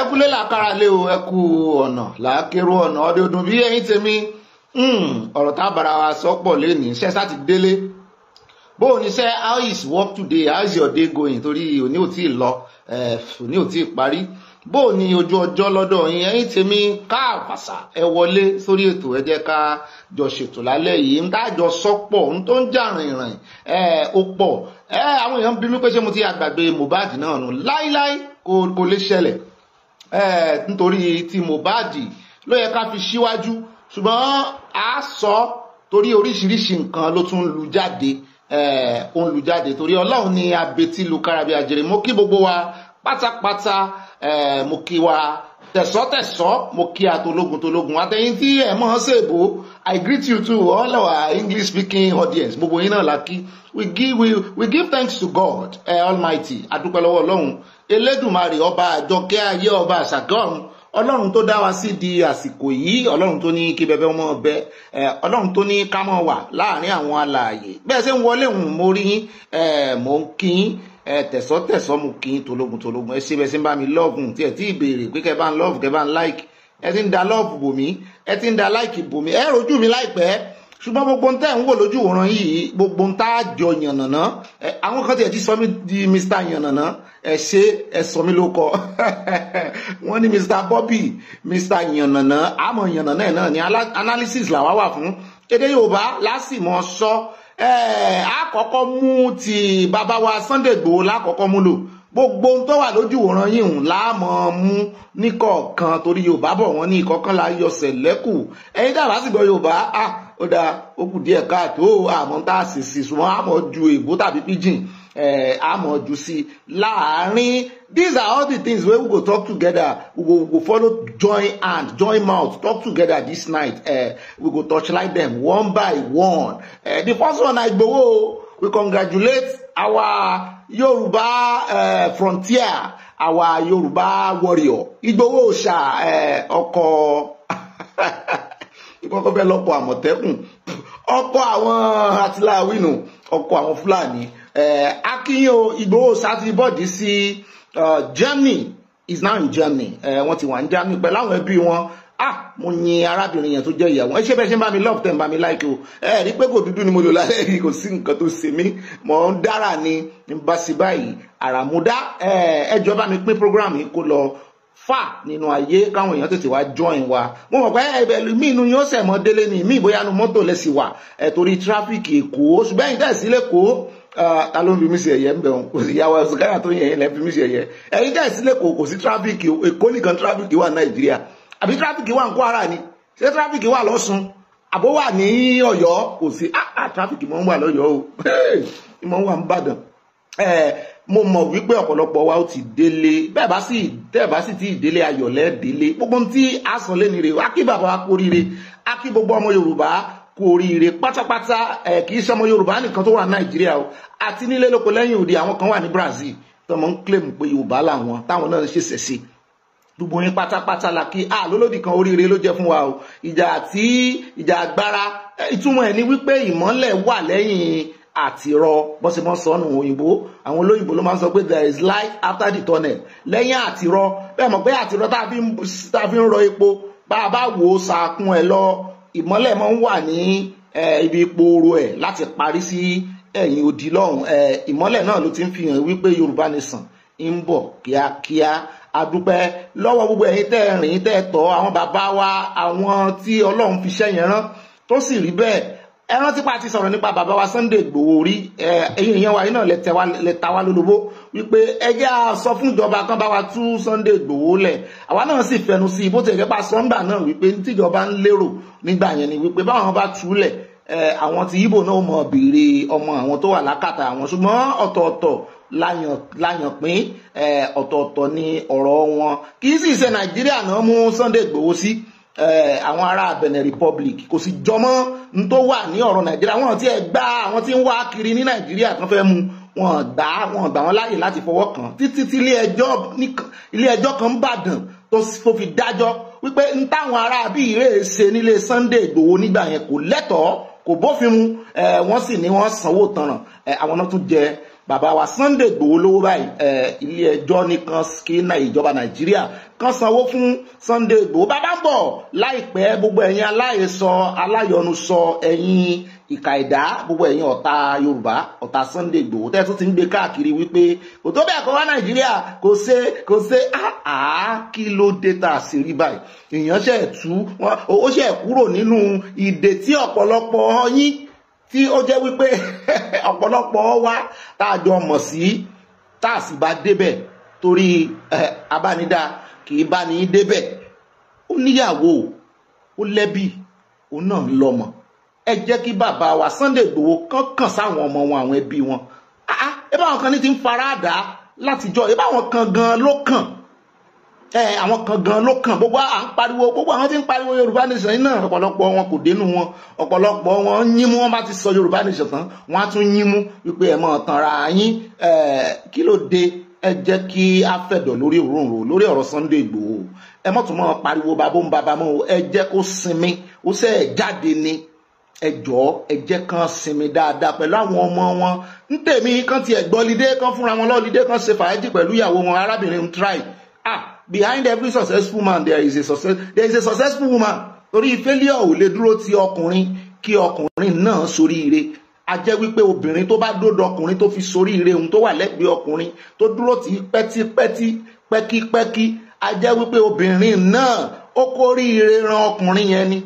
ẹkúlé làkàrà lé o ẹkú ọ̀nà làákérò ọ̀nà ọdẹ ọdún bí ẹ̀yin tèmi hmm, ọ̀rọ̀ tá a bára wa sọ pọ̀ lẹ́nìí iṣẹ́ sá ti délé bó o ní sẹ́ how is work today how is your day going torí òní ò tí ì lọ òní ò tí ì parí bó o ní ojú ọjọ́ lọ́dọ̀ yín ẹ̀yin tèmi káàpàṣà ẹ wọlé sórí ètò ẹ jẹ́ ká jọ ṣètò lálẹ́ yìí ń dájọ sọ́pọ̀ ń tó ń jà rìnrìn ó pọ̀ àwọn èèyàn bí mi pé ṣé mo ti àgbàgbé Mohbad náà nù láíláí kò lè ṣẹlẹ̀ nítorí ti Mohbad ló yẹ ká fi síwájú ṣùgbọ́n a sọ torí oríṣiríṣi nǹkan ló tún lu jáde ó ń lu jáde torí ọlọ́run ni abetí lu kárabi àjèrè mo kí gbogbo wa pátápátá mo kí wa tẹ̀sọ́tẹ̀sọ́ mo kí atológun tológun àtẹ̀yìn tí ẹ̀ mọ́ ọ́n ṣèbò i greet you too all our english speaking audience gbogbo yín náà la we give we, we give thanks to god uh, almighty adúpẹ́ lọ́wọ́ ọlọ́run elédùnmarè ọba àjọkẹ́ ayé ọba àṣàkẹ́ ọ̀run ọlọ́run tó dá wa sí di àsìkò yìí ọlọ́run tó ní kí bẹbẹ ọmọ ọbẹ ọlọ́run tó ní ká mọ̀ wà láàrin àwọn alààyè bẹ́ẹ̀ ṣe ń wọlé hùn mo rí yín ń kí tẹ̀sọ́tẹ̀sọ́ mo kí tológun tológun ẹ ṣe bẹ́ẹ̀ ṣe ń bá mi lọ́ọ̀gùn tí ẹ ti béèrè pé kẹ́ bá ń lọ́ọ̀gùn kẹ́ bá ń láìkì ẹ ti ń da lọ́ọ̀bù bò ẹ ti ń da láìkì bò ẹ rojú mi láìpẹ́ ṣùgbọ́n gbogbo ntẹ́ ń wò lójú òran yìí gbogbo ntá jọ yànnàná àwọn kan tiẹ̀ ti sọ mí di Mr. yànnàná ẹ ṣe ẹ sọ mí ló kọ wọ́n ní Mr Bobby Mr yànnànà àmọ́ yànnànà ẹ̀ náà ni analysis làwa wà fún èdè Yorùbá lásìmọ̀ sọ àkọ́kọ́ mú ti bàbá wa Sunday Igboho lákọ́kọ́ mú lò gbogbo ohun tó wà lójú òran yìí ń láàmọ mú níkọ̀ọ̀kan torí Yorùbá bọ̀ wọ́n ní ìkọ̀ọ̀kan la yọsẹ̀ lẹ́kù ẹ̀yin dàbá sì gbọ́ Yorùbá ah, ó dáa ó kù díẹ̀ káàtó àmọ́ tá a sì sì sùnmọ́ àmọ́ ju ègbó tàbí pidgin àmọ̀jù eh, sí láàárín these are all the things wey we go talk together we go, we go follow join hand join mouth talk together this night uh, we go torchlight them one by one uh, the first one na Igboho we congratulate our Yoruba uh, frontier our Yoruba warrior Igboho Oòṣà ọkọ ìkọkọ fẹ lọkọ Àmọ̀tẹ́kùn ọkọ àwọn àtìláwínú ọkọ àwọn Fúlàní Eh, akínyìn Ìgbòho sáfi bọ́ọ̀dì sí uh, Germany is now in Germany eh, wọ́n ti wà ní Germany pẹ̀lú àwọn ẹbí wọn ah mo yin arábìnrin yẹn tó jẹ́ ìyàwó ẹ ṣe bẹ́ẹ̀ ṣe ń bá mi love ten bá mi like o ẹ rí pé kò dúdú ni mo lò lálẹ́ yìí kò sí nǹkan tó ṣe mí mọ̀ ń dára ni bá sí báyìí àràmúdá eh, ẹ jọ̀ọ́ bá mi pín program yìí kó lọ fà nínú ayé káwọn èèyàn tètè wá join wa mo mọ̀ pé ẹbẹ̀ mí inú yóò sẹ̀ mọ́ délé ni mí ìbóyá nu mọ́tò lẹ́sìn wà ẹ̀ torí tráfíkì Èkó ṣùgbọ́n ìdá ìsílẹ̀ Èkó Ah, ta ló ń fi mí sí ẹ̀yẹ ń bẹ̀ wọn kò sí ìyàwó Zakiya tó yẹn lẹ́ fi mí sí ẹ̀yẹ ẹ̀yin dẹ́ sílẹ̀ kò kò sí tráfíkì Èkó nìkan tráfíkì wà Nàìjíríà àbí tráfíkì wà ní Kwara ni ṣé tráfíkì wà l'Ọ́ṣun àbó wà ní Ọ̀yọ́ kò sí áà tráfíkì mọ́ ń wà lọ́yọ́ o mọ́ ń wà ń bàdàn mo mọ̀ wípé ọ̀pọ̀lọpọ̀ wa ó ti délé bẹ́ẹ̀ bá sì tẹ́ẹ̀ bá sì ti ìdélé ayọ̀lẹ́ délé gbogbo tí a sọ lé bàbá wa kórìíre á gbogbo ọmọ Yorùbá kú oríire pátápátá ẹ̀ kì í ṣọmọ yorùbá nìkan tó wà nàìjíríà o àti nílé lóko lẹ́yìn òde àwọn kan wà ní brazil tọmọ ń claim pé yorùbá làwọn táwọn náà ṣe ṣẹ̀ṣẹ̀ gbogbo yín pátápátá la kí àlólódì ah, kan oríire ló jẹ́ fún wa o ìjà àti ìjà agbára ìtumọ̀ ẹ̀ ni wípé ìmọ́lẹ̀ wà lẹ́yìn àtirọ́ bọ́n ṣe òyìnbó àwọn olóyìnbó ló máa ń sọ pé there is light after the tunnel lẹ́yìn àtirọ́ bẹ́ẹ̀ mọ̀ pé àtirọ́ tá a fi ń rọ epo bá a bá wò ó sàkún ẹ̀ lọ ìmọ́lẹ̀ máa ń wà ní ibi pooro ẹ̀ láti parí sí ẹ̀yìn odi lọ́hùn ìmọ́lẹ̀ náà ló ti ń fi hàn wípé Yorùbá Nation ń bọ̀ kíákíá àdúpẹ́ lọ́wọ́ gbogbo ẹ̀yin tẹ́ rìn tẹ́ tọ́ àwọn bàbá wa àwọn tí Ọlọ́run fi ṣẹ́yìn rán tó sì rí bẹ́ẹ̀ ẹ rántí pa ti sọ̀rọ̀ nípa bàbá wa Sunday Igboho rí ẹ̀yin èèyàn wa iná lẹ́ta wa lólobó wípé ẹjẹ́ a sọ fún ìjọba kan bá wa tú Sunday Igboho lẹ̀ àwa náà sì fẹnu sí i bó ti ẹ̀jẹ̀ pa sọ́ńgbà náà wípé tíjọba ń lérò nígbà yẹn ni wípé báwọn bá tú lẹ̀ àwọn ti Ìgbò náà mọ̀ béèrè ọmọ àwọn tó wà lákàtà àwọn ṣùgbọ́n ọ̀tọ̀ọ̀tọ̀ láyàn pín ọ̀tọ̀ọ̀tọ̀ ni ọ̀rọ̀ wọn kì í sì ṣe Nàìjíríà náà mú Sunday Igboho sí. Eh, àwọn ará Benin Republic kò sì jọmọ́ n tó wà ní ọ̀rọ̀ Nàìjíríà wọ́n ti ẹ̀ gbá àwọn tí ń wá kiri ní Nàìjíríà kan fẹ́ mu wọ́n gbà wọ́n gbà wọ́n láàyè láti fọwọ́ kàn títí tí ilé ẹjọ́ kan bàdàn tó fi dájọ́ wípé n táwọn ará bí ìrè ṣe nílé Sunday Ìgbòho nígbà yẹn kò lẹ́tọ̀ọ́ kò bófin mu eh, wọ́n sì ní wọ́n sanwó tanràn eh, àwọn náà tún jẹ bàbá wa Sunday Igboho lówó báyìí ilé ẹjọ́ nìkan kí ìjọba Nàìjíríà kan sanwó fún Sunday Igboho bàbá ń bọ̀ láìpẹ́ gbogbo ẹ̀yin aláìsọ aláyọnu sọ ẹ̀yin ìka ẹ̀dá gbogbo ẹ̀yin ọ̀tá Yorùbá ọ̀tá Sunday Igboho tẹ́ tún ti ń gbé káàkiri wípé kò tó bẹ́ẹ̀ kọ́ wá Nàìjíríà kò ṣe kò ṣe àá ah, ah, kí ló dé tá a sì rí báyìí èèyàn ṣe tú ó ṣe kúrò nínú ìdè tí ọ̀pọ̀lọpọ̀ yín tí ó jẹ́ wípé ọ̀pọ̀lọpọ̀ wa tá a jọ mọ̀ sí tá a sì bá débẹ̀ torí abánidá kì í bá ní débẹ̀ ó níyàwó ó lẹ́bí òun náà ń lọ́mọ ẹ jẹ́ kí bàbá wa Sunday Igboho kán sáwọn ọmọ wọn àwọn ẹbí wọn ẹ báwọn kan ní ti ń fara dà látijọ́ ẹ báwọn kan gan ló kàn ẹ àwọn kan gan ló kàn gbogbo à ń pariwo gbogbo àwọn tí ń pariwo yorùbá nation yìí náà ọ̀pọ̀lọpọ̀ wọn kò dénú wọn ọ̀pọ̀lọpọ̀ wọn yín mú wọn bá ti sọ yorùbá nation tán wọn á tún yín mú wípé ẹ mọ̀ tanra yín ẹ kí ló dé ẹ jẹ́ kí a fẹ̀dọ̀ lórí òróǹro lórí ọ̀rọ̀ Sunday Igboho ẹ mọ̀ tún mọ́ pariwo babó ń babá mọ́ o ẹ jẹ́ kó sinmi ó sẹ́ ẹ̀ jáde ni ẹ jọ̀ọ́ ẹ jẹ́ kan sinmi dáadáa pẹ̀lú àwọn ọmọ wọn ń tèmi kan tiẹ̀ gbọ́ lídé kan fúnra wọn lọ́ọ́ lídé kan ṣe fàájì pẹ̀lú ìyàwó wọn arábìnrin try ah behind every successful man there is a success there is a successful woman torí failure ò lè dúró ti ọkùnrin kí ọkùnrin náà soríire a jẹ́ wípé obìnrin tó bá dódò ọkùnrin tó fi soríire ohun tó wà lẹ́gbẹ̀ẹ́ ọkùnrin tó dúró ti pẹ́típẹ́tí pẹ́kípẹ́kí a jẹ́ wípé obìnrin náà ó kóríire ran ọkùnrin yẹn ni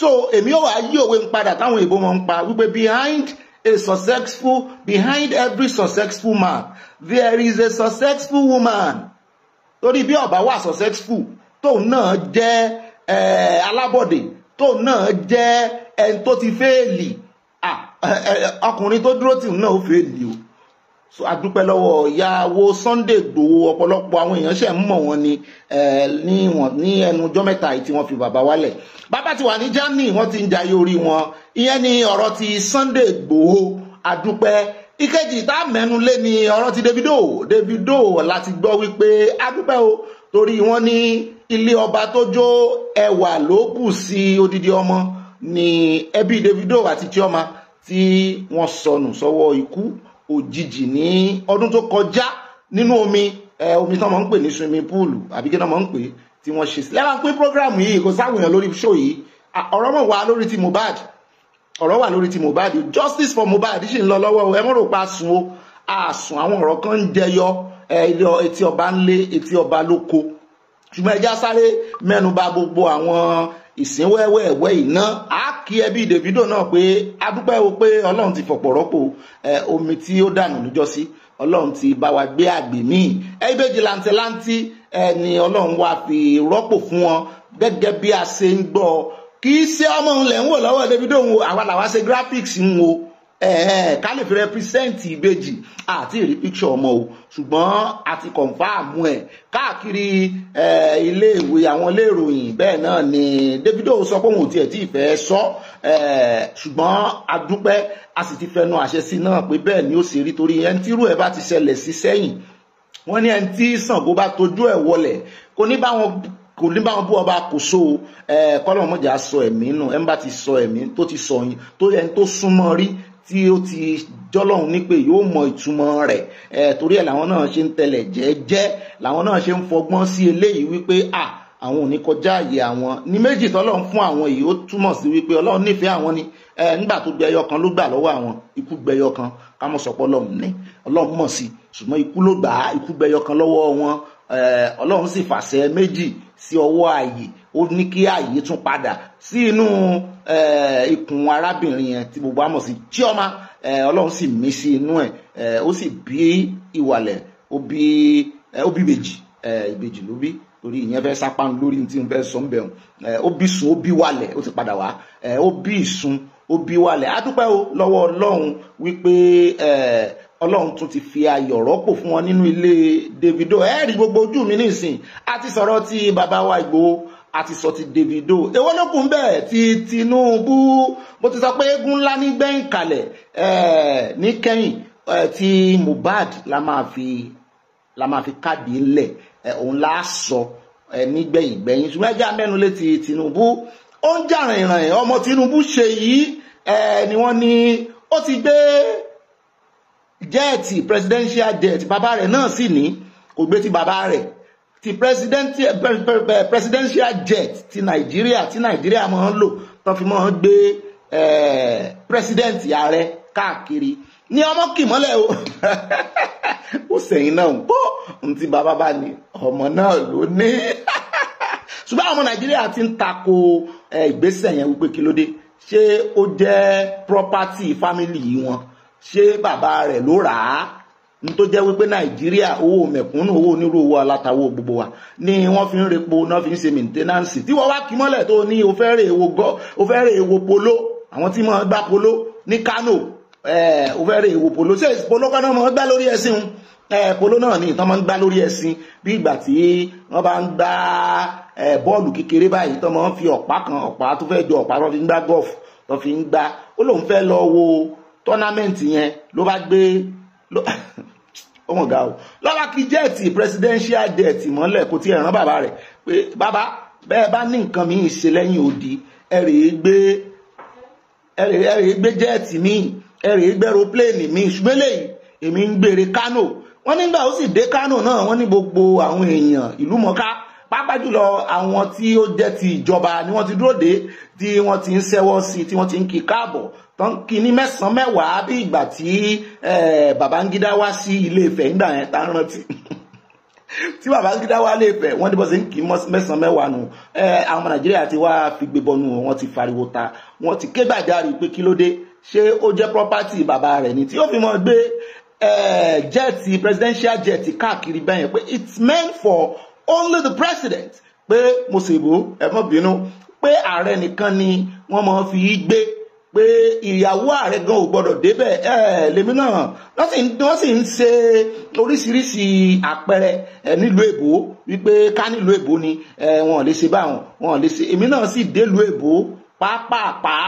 so èmi ò wá yí òwe ń padà táwọn èèbó mọ̀ ń pa wípé behind a successful behind every successful man there is a successful woman torí bí ọba wà successful tóun náà jẹ́ alábọ̀dé tóun náà jẹ́ ẹni tó ti fẹ́ẹ̀lì ọkùnrin tó dúró tìun náà ó fẹ́ẹ̀lì o so adúpẹ́ lọ́wọ́ ìyàwó Sunday Igboho ọ̀pọ̀lọpọ̀ àwọn èèyàn ṣe ń mọ̀ wọn ni ní ẹnu ọjọ́ mẹ́ta tí wọ́n fi bàbá wálẹ̀ bàbá ti wà ní Germany wọ́n ti ń jayé orí wọn ìyẹn ni ọ̀rọ̀ ti Sunday Igboho adúpẹ́ ìkejì tá mẹ́nu lé ni ọ̀rọ̀ ti Davido Davido láti gbọ́ wípé adúpẹ́ o torí wọ́n ní ilé ọba tó jó ẹwà ló bù sí odidi ọmọ ni ẹbí Davido àti Chioma tí wọ́n sọnù sọ́wọ́ ikú òjijì ní ọdún tó kọjá nínú omi omi tán mọ̀ ń pè ní swimming pool àbí kí tán mọ̀ ń pè tí wọ́n ṣe sílẹ̀ máa ń pín program yìí kò sáwọn lórí show yìí ọ̀rọ̀ mọ̀ wá lórí ti Mohbad ọ̀rọ̀ wà lórí ti Mohbad justice for Mohbad ṣì ń lọ lọ́wọ́ ẹ mọ́ rò pa sùn o àsùn àwọn ọ̀rọ̀ kan ń jẹyọ etí ọba ń lé etí ọba lóko ṣùgbọ́n ẹja sáré mẹ́nuba gbogbo àwọn ìsínwẹ́wẹ́ẹ̀wẹ́ iná á kí ẹbí Davido náà pé adúpẹ́ o pé Ọlọ́run ti fọ̀pọ̀ rọ́pò omi tí ó dànù níjọ́sí Ọlọ́run ti bá wa gbé àgbè míì ẹ̀ẹ́dẹ́jì làǹtẹ̀láǹtì ẹni Ọlọ́run wa fi rọ́pò fún wọn gẹ́gẹ́ bí a ṣe ń gbọ́ ọ kì í ṣe ọmọ òun lẹ̀ ń wò lọ́wọ́ Davido òun àwa làwa ṣe graphics ń wo ká lè fi represent ìbejì àti ìrí picture ọmọ o ṣùgbọ́n a ti confam ẹ̀ káàkiri iléèwé àwọn ilé ìròyìn bẹ́ẹ̀ náà ni Davido sọ pé òun ò tiẹ̀ tí ì fẹ́ sọ ṣùgbọ́n a dúpẹ́ a sì ti fẹnu àṣẹ sí náà pé bẹ́ẹ̀ ni ó ṣe rí torí ẹni tí irú ẹ̀ bá ti ṣẹlẹ̀ sí sẹ́yìn wọ́n ní ẹni tí Ṣàngó bá tojú ẹ̀ wọlẹ̀ kò ní bá kò ní bá wọn bú ọba kò so ẹ kọ́lọ́mù mọ̀jà sọ ẹ̀mí nù ẹ̀ ń bá ti sọ ẹ̀mí tó ti sọ yín tó ẹni tó súnmọ́ rí tí ó ti jọ́lọ́hún ní pé yóò mọ ìtumọ̀ rẹ̀ ẹ̀ torí ẹ̀ làwọn náà ṣe ń tẹlẹ̀ jẹ́ẹ́jẹ́ làwọn náà ṣe ń fọgbọ́n sí eléyìí wípé à àwọn ò ní kọjá àyè àwọn ní méjì tọ́lọ́run fún àwọn yìí ó túmọ̀ sí wípé ọlọ́run nífẹ̀ẹ́ àwọn ni ẹ nígbà tó gbẹyọ kan ló gbà lọ́wọ́ àwọn ikú gbẹyọ kan kámọ̀ sọ̀pọ̀ ọlọ́run ní ọlọ́run mọ̀ sí ṣùgbọ́n ikú ló gbà á ikú gbẹyọ kan lọ́wọ́ wọn ọlọ́run sì fàṣẹ méjì sí ọwọ́ ààyè ó ní kí ààyè tún padà sí inú ikùn arábìnrin yẹn tí gbogbo àmọ̀ sí chioma ọlọ́run sì mí sí inú ẹ̀ ó sì bí ìwàlẹ̀ ó bí ó bí ìbejì ìbejì ló bí torí ìyẹn fẹ́ sápánu lórí tí n fẹ́ sọ ń bẹ̀rù ó bí sun ó bí wàlẹ̀ ó ti padà wá ó bí ìsun ó bí wàlẹ̀ adúpẹ́ o lọ́wọ́ ọlọ́run wípé ẹ̀ẹ́ ọlọ́run tún ti fi ayọ̀ rọ́pò fún wọn nínú ilé Davido ẹ rí gbogbo ojú mi nísìn a ti sọ̀rọ̀ ti bàbá wa Ìgbòho a sọ ti Davido èwo ló kù ń bẹ̀ ti Tinubu mo ti sọ pé eégún ńlá ní gbẹ̀yìn kalẹ̀ ní kẹ́yìn ti Mohbad la máa fi la máa fi káàdì ńlẹ̀ òun la sọ nígbẹ̀yìn gbẹ̀yìn ṣùgbọ́n ẹja mẹ́nu lé ti Tinubu ó ń jà rìnrìn ọmọ Tinubu ṣe yìí ni wọ́n ní ó ti gbé jẹ́ẹ̀tì presidential jet bàbá rẹ̀ náà sì ní kò gbé ti bàbá rẹ̀ ti eh, presidential jet ti nàìjíríà tí nàìjíríà máa ń lò tó fi máa ń gbé eh, president ààrẹ káàkiri ní ọmọ kìmọ́lẹ̀ o ó sẹ̀yìn náà ń kó ohun tí bàbá bá ní ọmọ náà ló ní ṣùgbọ́n ọmọ nàìjíríà ti ń tako eh, ìgbésẹ̀ yẹn wípé kí ló dé ṣé ó jẹ́ property family wọn ṣé bàbá rẹ̀ ló rà á ní tó jẹ́ wípé nàìjíríà owó mẹ̀kúnnù owó onírúurú alátawó gbogbo wa ni wọ́n fi ń repo náà fi ń ṣe mẹ̀ńtẹ́nánsì tí wọ́n wá kí mọ́lẹ̀ tó ní o fẹ́ rè èwo polo àwọn tí wọ́n gbá polo ní Kano eh, o fẹ́ rè èwo polo ṣé polo kan náà mọ́ gbá lórí ẹ̀sìn polo náà ni ìtàn máa ń gbá lórí ẹ̀sìn eh, bí ìgbà tí wọ́n bá ń gbá eh, bọ́ọ̀lù kékeré báyìí tó máa ń fi ọ̀pá kan ọ̀pá tó fẹ́ jọ ọ̀pá tó fi ń gbá gọ́ọ̀fù tó fi tọ́námẹ́ǹtì yẹn ló bá gbé ọmọ ọ̀gá o lọ́wọ́ kí jẹ́ẹ̀tì presidential jet mọ́lẹ̀ kò tí ẹ̀ rán bàbá rẹ̀ pé bàbá bẹ́ẹ̀ bá ní nǹkan míì ṣe lẹ́yìn odi ẹ rèé gbé ẹ rèé gbé jẹ́ẹ̀tì míì ẹ rèé gbé aeroplane míì ṣùgbọ́n eléyìí èmi ń gbére Kánò wọ́n nígbà ó sì dé Kánò náà wọ́n ní gbogbo àwọn èèyàn ìlú mọ̀ká pàápàá jùlọ àwọn tí ó jẹ́ ti ìjọba ni wọ́n ti dúró dé tí wọ́n ti ń ṣẹ́wọ́ sí tí wọ́n ti ń kí káàbọ̀ tán kí ní mẹ́sàn-án mẹ́wàá bí ìgbà tí Babangida wá sí ilé Ifẹ̀ ńgbà yẹn tá ń rántí tí Babangida wá lè fẹ́ wọ́n dìbò sí kì í mẹ́sàn-án mẹ́wàá nù àwọn ọmọ Nàìjíríà ti wá fi gbé bọnu wọ́n ti fariwo ta wọ́n ti ké gbàjarì pé kí ló dé ṣé ó jẹ́ property bàbá rẹ̀ ni tí ó fi mọ́ gbé jẹ́ẹ̀tì presidential jẹ́ẹ̀tì káàkiri bẹ́yẹn pé it's meant for only the president pé mo ṣèbò ẹ má bínú pé ààrẹ nìkan ni wọ́n máa fi gbé pé ìyàwó ààrẹ gan ò gbọdọ̀ débẹ̀ ẹ lèmi náà wọ́n sì ń wọ́n sì ń ṣe oríṣiríṣi àpẹẹrẹ ẹ nílùú èbó wípé ká nílùú èbó ni ẹ wọn ò lè ṣe báwọn wọn ò lè ṣe èmi náà sì délùú èbó pàápàá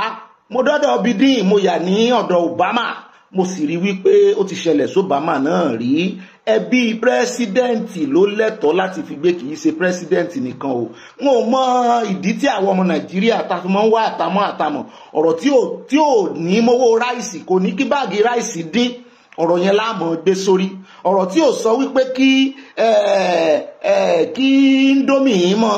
mo dọ́dọ̀ bídín mo yà ní ọ̀dọ̀ Obama mo sì rí wípé ó ti ṣẹlẹ̀ sóbámà náà rí ẹbí pírẹsidẹ́ǹtì ló lẹ́tọ̀ọ́ láti fi gbé kì í ṣe pírẹsidẹ́ǹtì nìkan o wọn ò mọ ìdí tí àwọn ọmọ nàìjíríà ta fi mọ ń wá àtàmọ́ àtàmọ́ ọ̀rọ̀ tí ò ní mówó ráìsì kò ní kí báàgì ráìsì dín ọ̀rọ̀ yẹn láàmú gbé sórí ọ̀rọ̀ tí ò sọ wípé kí kí ndomi yìí mọ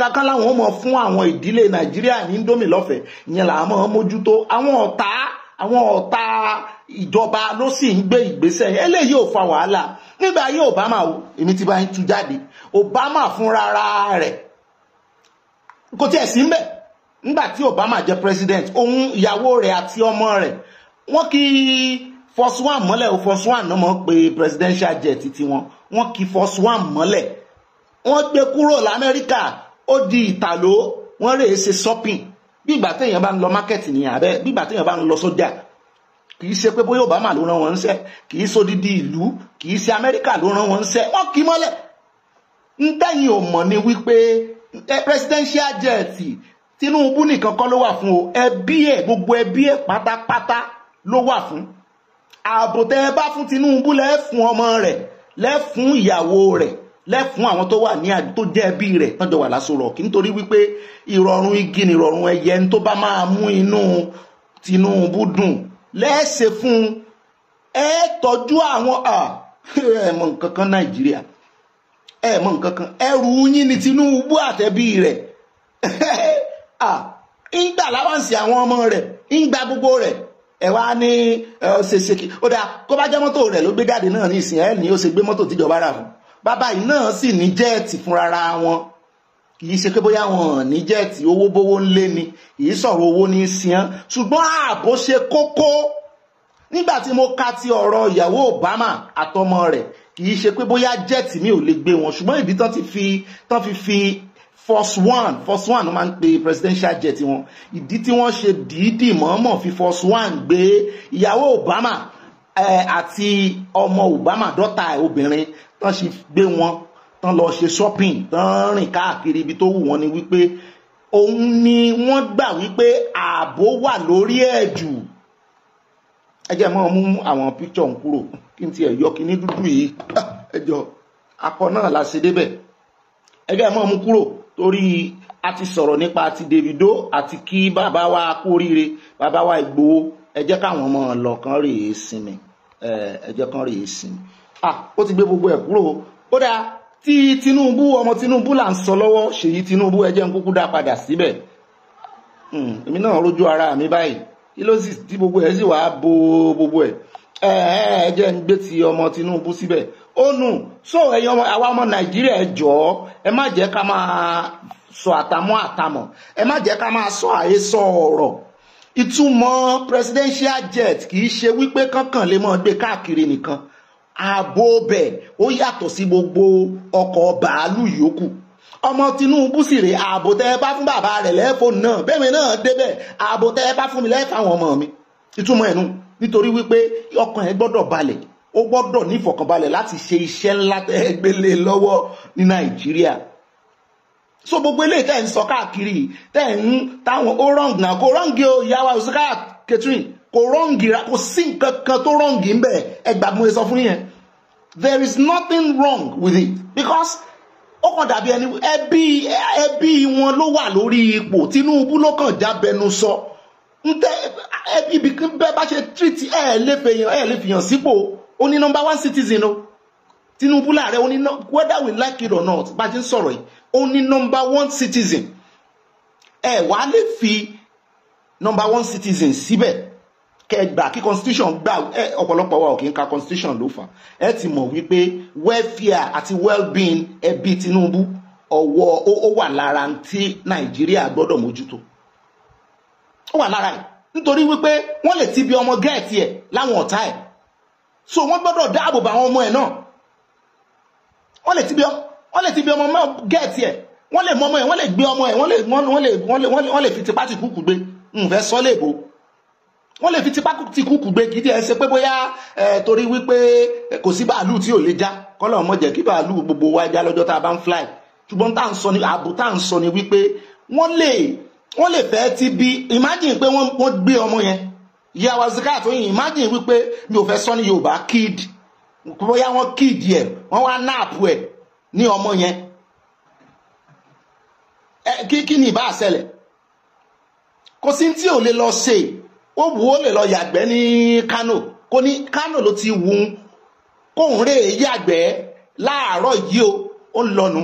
kankan láwọn ó mọ fún àwọn ìdílé nàìjíríà ní ndomi lọ́fẹ̀ẹ́ ìyẹn làá mọ mójútó àwọn ọ̀tá àwọn ọ̀tá ìjọba ló sì ń gbé ìgbésẹ̀ eléyìí ò fa wàhálà nígbà ayé Obama o èmi ti bá yín tú jáde Obama fúnra rẹ̀ kò tiẹ̀ sí mbẹ̀ nígbà tí Obama jẹ́ president òun ìyàwó rẹ̀ àti ọmọ rẹ̀ wọ́n kì í force one mọ́lẹ̀ o force one náà mọ̀ pé presidential jet ti wọn wọ́n kì í force one mọ́lẹ̀ wọ́n gbé kúrò lamẹ́ríkà ó di ìtàló wọ́n rèé ṣe shopping bí ìgbà téèyàn bá ń lọ market nìyàn abẹ́ bí ìgbà téèyàn bá ń lọ sójà kì í ṣe pé bóyá Obama ló rán wọn ń sẹ́ kì í sódìdí ìlú kì í ṣe Amẹ́ríkà ló rán wọn ń wọ́n kì í mọ́lẹ̀ ń ò mọ̀ ni wípé presidential jet Tinubu nìkan kọ́ ló wà fún o ẹbí ẹ̀ gbogbo ẹbí ẹ̀ pátápátá ló wà fún ààbò tẹ́ ẹ bá fún Tinubu lẹ́fún ọmọ rẹ̀ lẹ́fún ìyàwó rẹ̀ lẹ́fún àwọn tó wà ní tó jẹ́ ẹbí rẹ̀ tọ́jọ́ wà lásán rọ̀ kí nítorí wípé ìrọ̀rùn igi nìrọ̀rùn ẹyẹ tó bá máa mú inú Tinubu dùn lẹ́ẹ̀ṣẹ̀ fún un ẹ tọ́jú àwọn ẹ mọ nǹkan kan nàìjíríà ẹ mọ nǹkan kan ẹrù yín ni Tinubu àtẹ̀bí rẹ̀ ń gbà láwàǹsì àwọn ọmọ rẹ̀ ń gba gbogbo rẹ̀ ẹ wá ní ṣèṣe kí ó dáa kó bá jẹ́ mọ́tò rẹ̀ ló gbé jáde náà ní ìsìn ẹ̀ ní ó ṣe gbé mọ́tò tíjọba rà fún bàbá yìí náà sì ní jẹ́ẹ̀tì fúnra wọn kì í ṣe pé bóyá wọn ní jẹ́ẹ̀tì owó bówó ń lé ni kì í owó ní í sian ṣùgbọ́n ààbò ṣe kókó nígbà tí mo ka ti ọ̀rọ̀ ìyàwó Obama àtọmọ rẹ̀ kì í ṣe pé bóyá jẹ́ẹ̀tì mi ò lè gbé wọn ṣùgbọ́n ìbí tán ti fi tán fi fi force one first one máa ń pe presidential jet wọn ìdí tí wọ́n ṣe dìídì mọ́ọ́mọ́ fi force one gbé ìyàwó Obama àti ọmọ Obama dọ́tà obìnrin tán ṣe gbé wọn tán lọ ṣe shopping tán rìn káàkiri ibi tó wù wọ́n ni wípé òun ni wọ́n gbà wípé ààbò wà lórí ẹ̀ jù ẹ jẹ́ mọ́ mú àwọn píkṣọ̀ ń kúrò kí n tiẹ̀ yọ kíní dúdú yìí ẹ akọ náà la ṣe débẹ̀ ẹ jẹ́ mọ́ mú kúrò torí a ti sọ̀rọ̀ nípa ti Davido àti kí bàbá wa kú oríire bàbá wa Ìgbòho ẹ káwọn ọmọ lọ rèé sinmi ẹ jẹ́ rèé sinmi ah ó ti gbé gbogbo ẹ̀ kúrò ó tí Tinubu ọmọ Tinubu là ń sọ lọ́wọ́ Ṣèyí Tinubu ẹ jẹ́ n kúkú dá padà síbẹ̀ hmm, èmi náà rójú ara mi báyìí kí ló sì tí gbogbo ẹ̀ sì wàá bo gbogbo ẹ̀ ẹ jẹ́ n gbé ti ọmọ Tinubu síbẹ̀ ó nù so ẹ̀yin ọmọ àwa ọmọ Nàìjíríà ẹ jọ̀ọ́ ẹ má jẹ́ ká máa sọ àtàmọ́ àtàmọ́ ẹ má jẹ́ ká máa sọ àhesọ ọ̀rọ̀ ìtumọ̀ presidential jet kì í ṣe wípé kankan lè mọ́ gbé káàkiri nìkan ààbò bẹ̀ ó yàtọ̀ sí gbogbo ọkọ̀ bàálù yòókù ọmọ Tinubu sì rè ààbò tẹ ẹ bá fún bàbá rẹ̀ lẹ́fọ̀n náà bẹ́ẹ̀ náà débẹ̀ ààbò tẹ ẹ bá fún mi lẹ́fàwọn ọmọ mi ìtumọ̀ ẹ̀nu nítorí wípé ọkàn ẹ gbọ́dọ̀ balẹ̀ ó gbọ́dọ̀ nífọ̀kànbalẹ̀ láti ṣe iṣẹ́ ńlá tẹ ẹ gbélé lọ́wọ́ ní Nàìjíríà so gbogbo eléyìí tẹ́ ń sọ káàkiri tẹ́ ń táwọn ó rọ̀ǹgì náà kó rọ̀ǹgì ó ìyá wa Catherine kò rọ́ǹgì kò sí nǹkan kan tó rọ́ǹgì ń bẹ̀ ẹgbà sọ fún yẹn there is nothing wrong with it because ó kàn dàbí ẹni ẹbí ẹbí wọn ló wà lórí ipò Tinubu ló kàn jábẹnu sọ ntẹ ẹbí ibi bẹ bá ṣe treat ẹ lè fèèyàn ẹ lè fìyàn sípò ó ní number one citizen o Tinubu láàrẹ ó ní whether we like it or not bá ṣe ń sọ̀rọ̀ yìí ó ní number one citizen ẹ wàá lè fi number one citizen síbẹ̀ kẹgbà kí constitution gbà ọ̀pọ̀lọpọ̀ wa ò kí ń ka constitution ló fà ẹ ti mọ̀ wípé welfare àti well-being ẹbí Tinubu ọwọ́ ó wà lára tí Nàìjíríà gbọ́dọ̀ mójútó ó wà lára ẹ̀ nítorí wípé wọ́n lè ti bí ọmọ gẹ́ẹ̀tì ẹ̀ láwọn ọ̀tá ẹ̀ so wọ́n gbọ́dọ̀ dáàbò bá àwọn ọmọ ẹ̀ náà wọ́n lè ti bí wọ́n lè ti bí ọmọ gẹ́ẹ̀tì ẹ̀ wọ́n lè mọ ọmọ ẹ̀ wọ́n lè gbé ọmọ ẹ̀ wọ́n lè fi tipátì kúkú gbé nfẹ́ sọ́lé ìbò wọ́n lè fi tipá ti kúkú gbé kí díẹ̀ ṣe pé bóyá torí wípé kò sí bàálù tí ò lè já kọ́lọ̀ ọmọ jẹ́ kí bàálù gbogbo wa já lọ́jọ́ tá a bá ń fly ṣùgbọ́n tá à ń sọ ni ààbò tá à sọ ni wípé wọ́n lè wọ́n lè fẹ́ ti bí imagine pé wọ́n gbé ọmọ yẹn ìyá wa zika tó yin imagine wípé mi ò fẹ́ sọ ní Yorùbá kid bóyá wọ́n kid yẹ wọ́n wá náàpù ẹ̀ ní ọmọ yẹn kí kí ni ìbá àṣẹlẹ̀ kò sí tí ò lè lọ ṣe ó wù ó lè lọ yàgbẹ́ ní Kano kó ní Kano ló ti wù ú kóun rè é yàgbẹ́ láàárọ̀ yìí o ó ń lọnu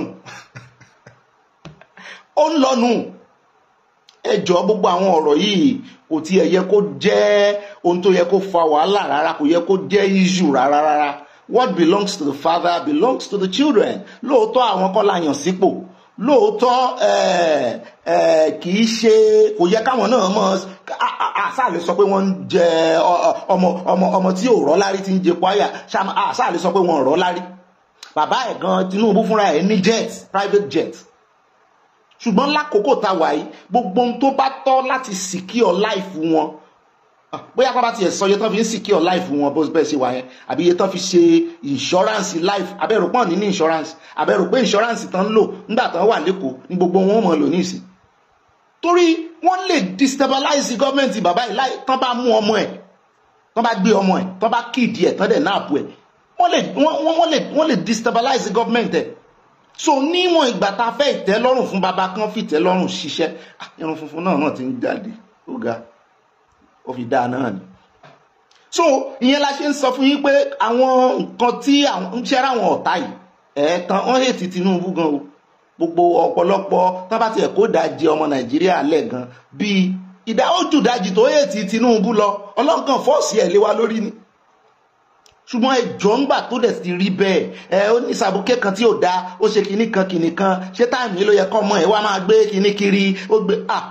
ó ń lọnu ẹjọ gbogbo àwọn ọ̀rọ̀ yìí kò tí ẹ yẹ kó jẹ́ ohun tó yẹ kó fa wàhálà rárá kò yẹ kó jẹ́ iṣu rárá rárá what belongs to the father belongs to the children lóòótọ́ àwọn kọ́ la yàn sípò. Si lóòótọ́ kì í ṣe kò yẹ káwọn náà mọ̀ àṣàlẹ̀ sọ pé wọ́n ń jẹ ọmọ ọmọ ọmọ tí ò rọ́lárí ti ń jẹ kwaya àṣàlẹ̀ sọ pé wọ́n rọ́lárí bàbá ẹ̀ gan Tinubu fúnra ẹ̀ ní jet private jet ṣùgbọ́n lákòókò tá a wà yìí gbogbo ohun tó bá tọ́ láti secure life wọn bóyá pápá tiẹ̀ sọ iye tán fi ń secure life wọn bó bẹ́ẹ̀ ṣe wà yẹn àbí iye tán fi ṣe insurance life abẹ́rù pọ́n ní ní insurance abẹ́rù pé insurance tán ń lò nígbà tán wà lẹ́kọ̀ọ́ ní gbogbo wọn mọ̀ lò ní ìsìn torí wọ́n lè destabilize gọ́ọ̀mẹ̀ntì bàbá yìí láì tán bá mú ọmọ ẹ̀ tán bá gbé ọmọ ẹ̀ tán bá kíìdì ẹ̀ tán dẹ̀ náà pu ẹ̀ wọ́n lè destabilize gọ́ọ̀mẹ̀ntì ẹ̀ so níwọ̀n ìgbà tá a fẹ́ ìtẹ́lọ́rùn fún baba kan fìtẹ́lọ́rùn ṣiṣẹ́ ah, irun funfun náà náà ti ń jáde ó ga ó fi dáa náà ni so ìyẹn la ṣe ń sọ fún yín pé àwọn nǹkan tí àwọn ń ṣẹ́ra àwọn ọ̀tá yìí ẹ̀ẹ̀kan wọ́n ètì Tinubu gan o gbogbo ọ̀pọ̀lọpọ̀ tán bá tiẹ̀ kó dajì ọmọ Nàìjíríà lẹ̀ gan bíi ìdá ojú dajì tó ètì Tinubu lọ ọlọ́nkàn fọ́ọ̀sì ẹ̀ lé wa lórí ni ṣùgbọ́n ẹjọ́ ń gbà tó dẹ̀ ti rí bẹ́ẹ̀ ẹ ó ní sàbùkẹ́ kan tí ò dáa ó ṣe kinní kan kinní kan ṣé táàmì ló yẹ kọ́ ọmọ ẹ̀ wá máa gbé kinní kiri ó gbé ah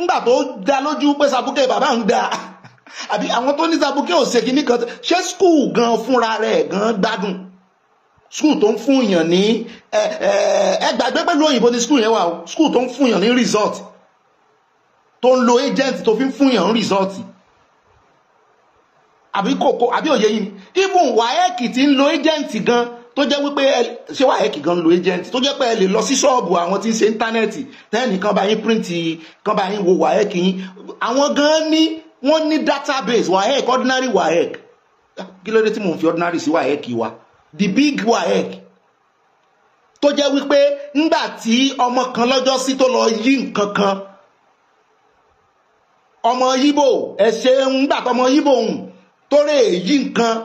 ńgbà tó dá lójú pé sàbúkẹ́ bàbá ń dà àbí àwọn tó ní sàbúkẹ́ ò ṣe kìíní kan ṣé skul gan fúnra rẹ̀ gan gbádùn skul tó ń fún yàn ní ẹ ẹ gbàgbé òyìnbó ni skul yẹn wà skul tó ń fún yàn ní result tó ń lo agent tó fi ń fún yàn ní result àbí kòkó àbí òye yìí even WAEC ti ń lo agent gan tó jẹ́ wípé ṣé wà hẹ́kì gan lo agent tó jẹ́ pé ẹ lè lọ sí ṣọ́ọ̀bù àwọn tí ń ṣe íńtánẹ́ẹ̀tì tẹ́ẹ̀nì kan bá yín píríǹtì kan bá yín wo wà yín àwọn gan ní wọ́n ní database wà ordinary wà kí ló dé tí mò ń fi ordinary sí wà wa the big wà tó jẹ́ wípé ńgbà tí kan lọ́jọ́ sí tó lọ yí nǹkan kan ọmọ yíbò ẹ̀ṣẹ̀ ńgbà tọmọ yíbò nǹkan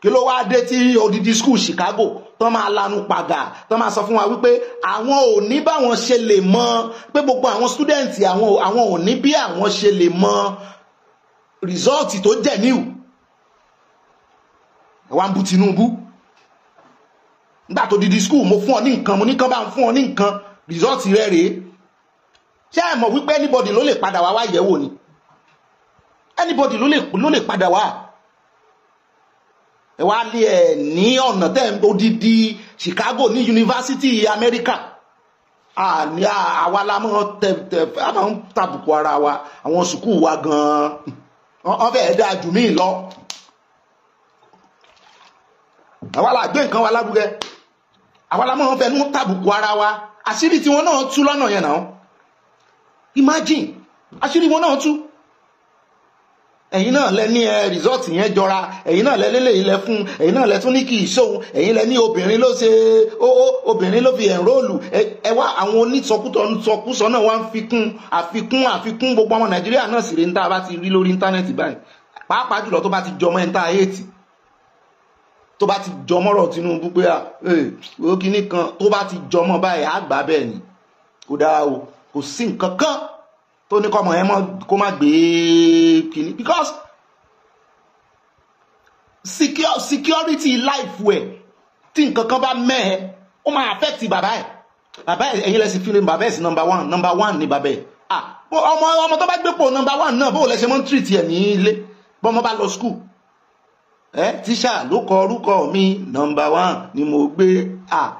kí ló wáá dé tí odidi school Chicago tán máa lanu pàgà tán máa sọ fún wa wípé àwọn ò ní báwọn ṣe lè mọ pé gbogbo àwọn stúdẹ̀ǹtì àwọn ò ní bí àwọn ṣe lè mọ rìsọ́ọ̀tì tó jẹ̀ níwò wa ń bu Tinubu nígbà tó didi school mo fún ọ ní nǹkan mo ní kán bá ń fún ọ ní nǹkan rìsọ́ọ̀tì rẹ rèé ṣé ẹ mọ̀ wípé anybody ló lè padà wá wá yẹ̀wò ni anybody ló lè padà wá. ẹ wá lé ẹ ní ọ̀nà odidi Chicago ní yunifásitì Amẹ́ríkà àní àwa la máa tẹ a máa ń tàbùkù ara wa àwọn sùkúù wa gan-an wọ́n fẹ́ẹ́ dáa jù mí lọ àwa la gbé nǹkan wa lárugẹ àwa la máa ń fẹnu tàbùkù ara wa àṣírí tiwọn náà tú lọ́nà yẹn náà imagine àṣírí wọn náà tú. ẹ̀yin náà lẹ ní ẹ result yẹn jọra ẹ̀yin náà lẹ lélẹ̀ ilẹ̀ fún ẹ̀yin náà lẹ tún ní kì í ṣóhun ẹ̀yin lẹ ní obìnrin ló ṣe ó ó obìnrin ló fi ẹ̀ńróòlù ẹ wá àwọn onísọkútọ sọkúsọ náà wá ń fikún àfikún àfikún gbogbo ọmọ nàìjíríà náà sì rí ní tá a bá ti rí lórí íńtánẹ́ẹ̀tì báyìí pàápàá jùlọ tó bá ti jọmọ ẹ̀ ń tá a hẹ́ẹ̀tì tó bá ti jọmọ́rọ̀ Tinubu pé à ah, eh, ó kíní kan tó bá ti jọmọ́ báyìí àgbà bẹ́ẹ̀ ni kò dáa o kò tó ní kọ́mọ ẹ mọ́ kó má gbé kìíní because secure, security life wẹ̀ tí nǹkan kan bá mẹ́ ẹ ó máa affect bàbá ẹ̀ bàbá ẹ̀ ẹ̀yin lẹ́sìn fílẹ̀ bàbá ẹ̀ sí number one number one ni bàbá ẹ̀ ah ọmọ ọmọ tó bá gbé number one náà bó o lẹ treat ẹ̀ ní ilé bọ́mọ bá lọ school ẹ tíṣà ló kọ orúkọ mi number one ni mo gbé ah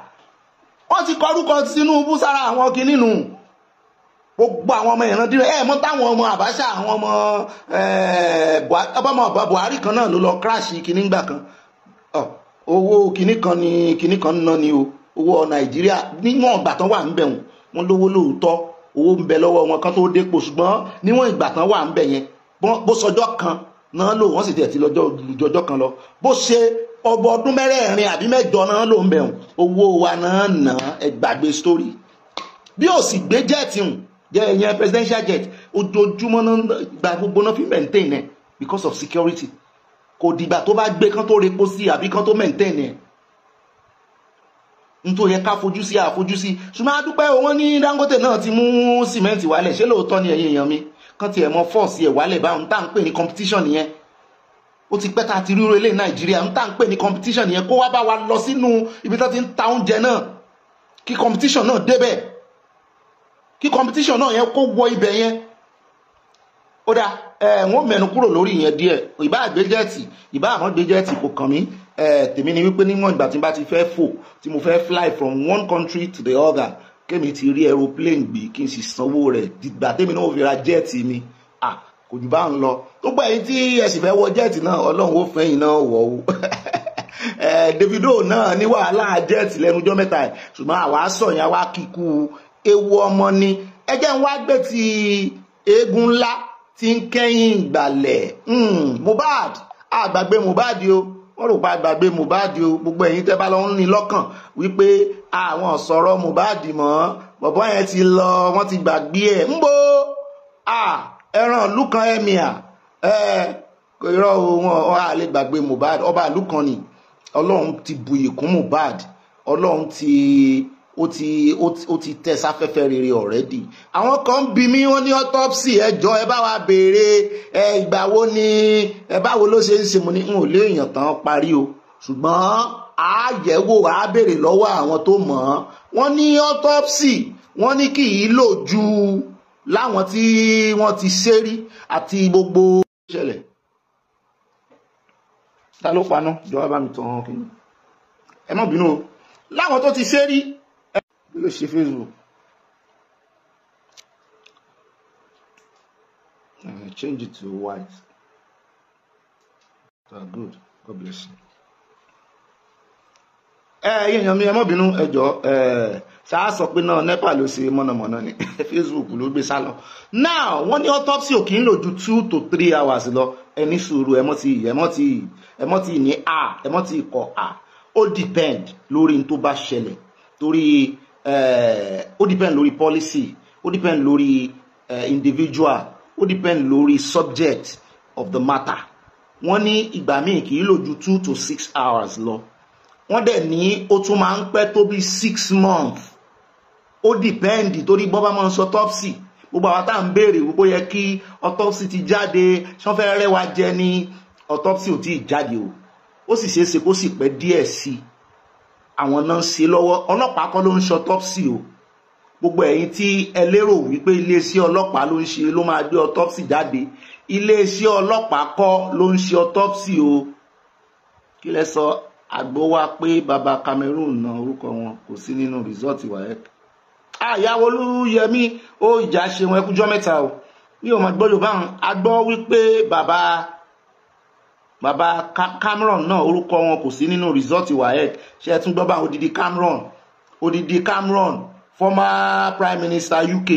wọ́n ti kọ orúkọ Tinubu sára àwọn kinní nù gbogbo àwọn ọmọ ìran dírẹ ẹ mọ táwọn ọmọ Abacha àwọn ọmọ ọbọmọ ọba Buhari kan náà ló lọ kíráàsì kìíní gbà kan owó kìíní kan ní kìíní kan náà ni o owó Nàìjíríà níwọ̀n ìgbà tán wà ń bẹ̀ wọ́n wọ́n lówó lóòótọ́ owó ń bẹ lọ́wọ́ wọn kan tó dépò ṣùgbọ́n níwọ̀n ìgbà tán wà ń bẹ̀ yẹn bó sọjọ́ kan náà lò wọ́n sì tẹ̀ ti lọ́jọ́ lùjọ́jọ́ kan lọ bó ṣe ọbọ ọdún mẹ́rẹ̀ẹ̀rin àbí mẹ́jọ náà ló ń bẹ̀ wọ́n owó wa náà nà ẹ gbàgbé sítórì bí ò sì gbé jẹ́ẹ̀tì hùn yẹn presidential jet ojoojúmọ́ náà gba gbogbo náà fi maintain ẹ̀ because of security kò dìgbà tó bá gbé kán tó repo sí àbí kán tó maintain ẹ̀ nítorí yẹ ká fojú sí àfojú sí ṣùgbọ́n adúpẹ́ wọn ní Dangote náà ti mú sìmẹ́ǹtì wálẹ̀ ṣé lóòótọ́ ni ẹ̀yin èèyàn mi kán tiẹ̀ mọ fọ́ọ̀sì ẹ̀ wálẹ̀ báwọn tá à ń pè ní competition nìyẹn ó ti pẹ́ tá ti ríro ilé Nàìjíríà ń tá ń pè ní competition nìyẹn kó wá bá wa lọ sínú ibi tó ti ń ta oúnjẹ náà kí competition náà débẹ̀ kí competition náà yẹn kó wọ ibẹ̀ yẹn ó dá wọ́n mẹ́nu kúrò lórí yẹn díẹ̀ ìbá àgbéjẹ́tì ìbá àwọn àgbéjẹ́tì kò kàn mí tèmi ni wípé níwọ̀n ìgbà tí n bá ti fẹ́ fò tí mo fẹ́ fly from one country to the other kémi ti rí aeroplane gbé kí n sì sanwó rẹ̀ dìgbà tèmi náà fi ra jẹ́ẹ̀tì mi kò jù bá ń lọ tó gbà yín tí ẹ sì fẹ́ wọ jẹ́ẹ̀tì náà ọlọ́run ó fẹ́ yín náà wọ̀ o Davido náà ní wàhálà jẹ́ẹ̀tì lẹ́nujọ́ mẹ́ta ẹ̀ ṣùgbọ́n àwa sọ̀yìn àwa kíkú ewu ọmọ ni ẹ jẹ́ ń wá gbé ti eégún ńlá tí ń kẹ́yìn ìgbàlẹ̀ hmm, Mohbad àgbàgbé Mohbad o wọ́n rò pa àgbàgbé Mohbad o gbogbo ẹ̀yin tẹ́ bá lọ ń ní lọ́kàn wípé àwọn sọ̀rọ̀ Mohbad mọ́ bọ̀bọ́ yẹn ti lọ wọ́n ti gbàgbé ẹ̀ ń bo ẹran ìlú kan ẹ̀mìà irọ́ wọn a lè gbàgbé Mohbad ọba ìlú kan ni ọlọ́run ti buyì kún Mohbad ọlọ́run ti ó ti ó ti tẹ sáfẹ́fẹ́ rere already àwọn kan bí mi wọ́n ní autopsy ẹjọ́ ẹ bá wa béèrè ẹ ìgbà wo ni ẹ báwo ló ṣe ń ṣe mo ní n ò lé èèyàn tán parí o ṣùgbọ́n a yẹ̀wò a béèrè lọ́wọ́ àwọn tó mọ̀ ọ́n wọ́n ní autopsy wọ́n ní kì í lò ju láwọn tí wọ́n ti ṣe rí àti gbogbo ta ló paná jọ̀wọ́ bá mi tàn án kí ni ẹ má bínú o láwọn tó ti ṣe rí ló ṣe facebook uh, change it to white uh, good god bless you. ẹ ẹ yẹn mi ẹ mọ bínú ẹ jọ ẹ ṣáà sọ pé náà nepa ló ṣe mọ̀nàmọ́ná ni facebook ló gbé sá lọ now wọ́n ní autopsy ò kì í lò ju two to three hours lọ ẹ ní sùúrù ẹ mọ́ ti ẹ ti ẹ ti ní a ẹ mọ́ ti kọ a all depend lórí n tó bá ṣẹlẹ̀ torí Eh, ó depend lórí policy ó depend lórí eh, individual ó depend lórí subject of the matter wọ́n ní ìgbà míì kì í lò ju two to six hours lọ wọ́n dẹ̀ ní ó tún máa ń pẹ́ tó bí six months ó depend torí gbọ́ bá máa ń sọ autopsy gbogbo àwọn tá à ń béèrè wípé ó yẹ kí autopsy ti jáde ṣán fẹ́ rẹ́wà jẹ ní autopsy ò tí ì jáde o ó sì ṣeé ṣe kó sì pẹ́ díẹ̀ sí i àwọn náà ń ṣe lọ́wọ́ ọlọ́pàá kọ́ ló ń ṣe autopsy o gbogbo ẹ̀yin tí ẹ lérò wípé iléeṣẹ́ ọlọ́pàá ló ń ṣe ló máa gbé autopsy jáde iléeṣẹ́ ọlọ́pàá kọ́ ló ń ṣe autopsy o kí lẹ sọ àgbo wa pé baba Cameroon na orúkọ wọn kò sí nínú resort WAEC àyàwó olúyẹmí ó ìjà ṣe wọn ẹkújọ mẹ́ta o mi ò mọ gbọ́ yorùbá agbọ́ wípé baba bàbá Cameron náà orúkọ wọn kò sí nínú rìsọ́ọ̀tì WAEC ṣe é tún gbọ́ bá odidi Cameron odidi Cameron former prime minister UK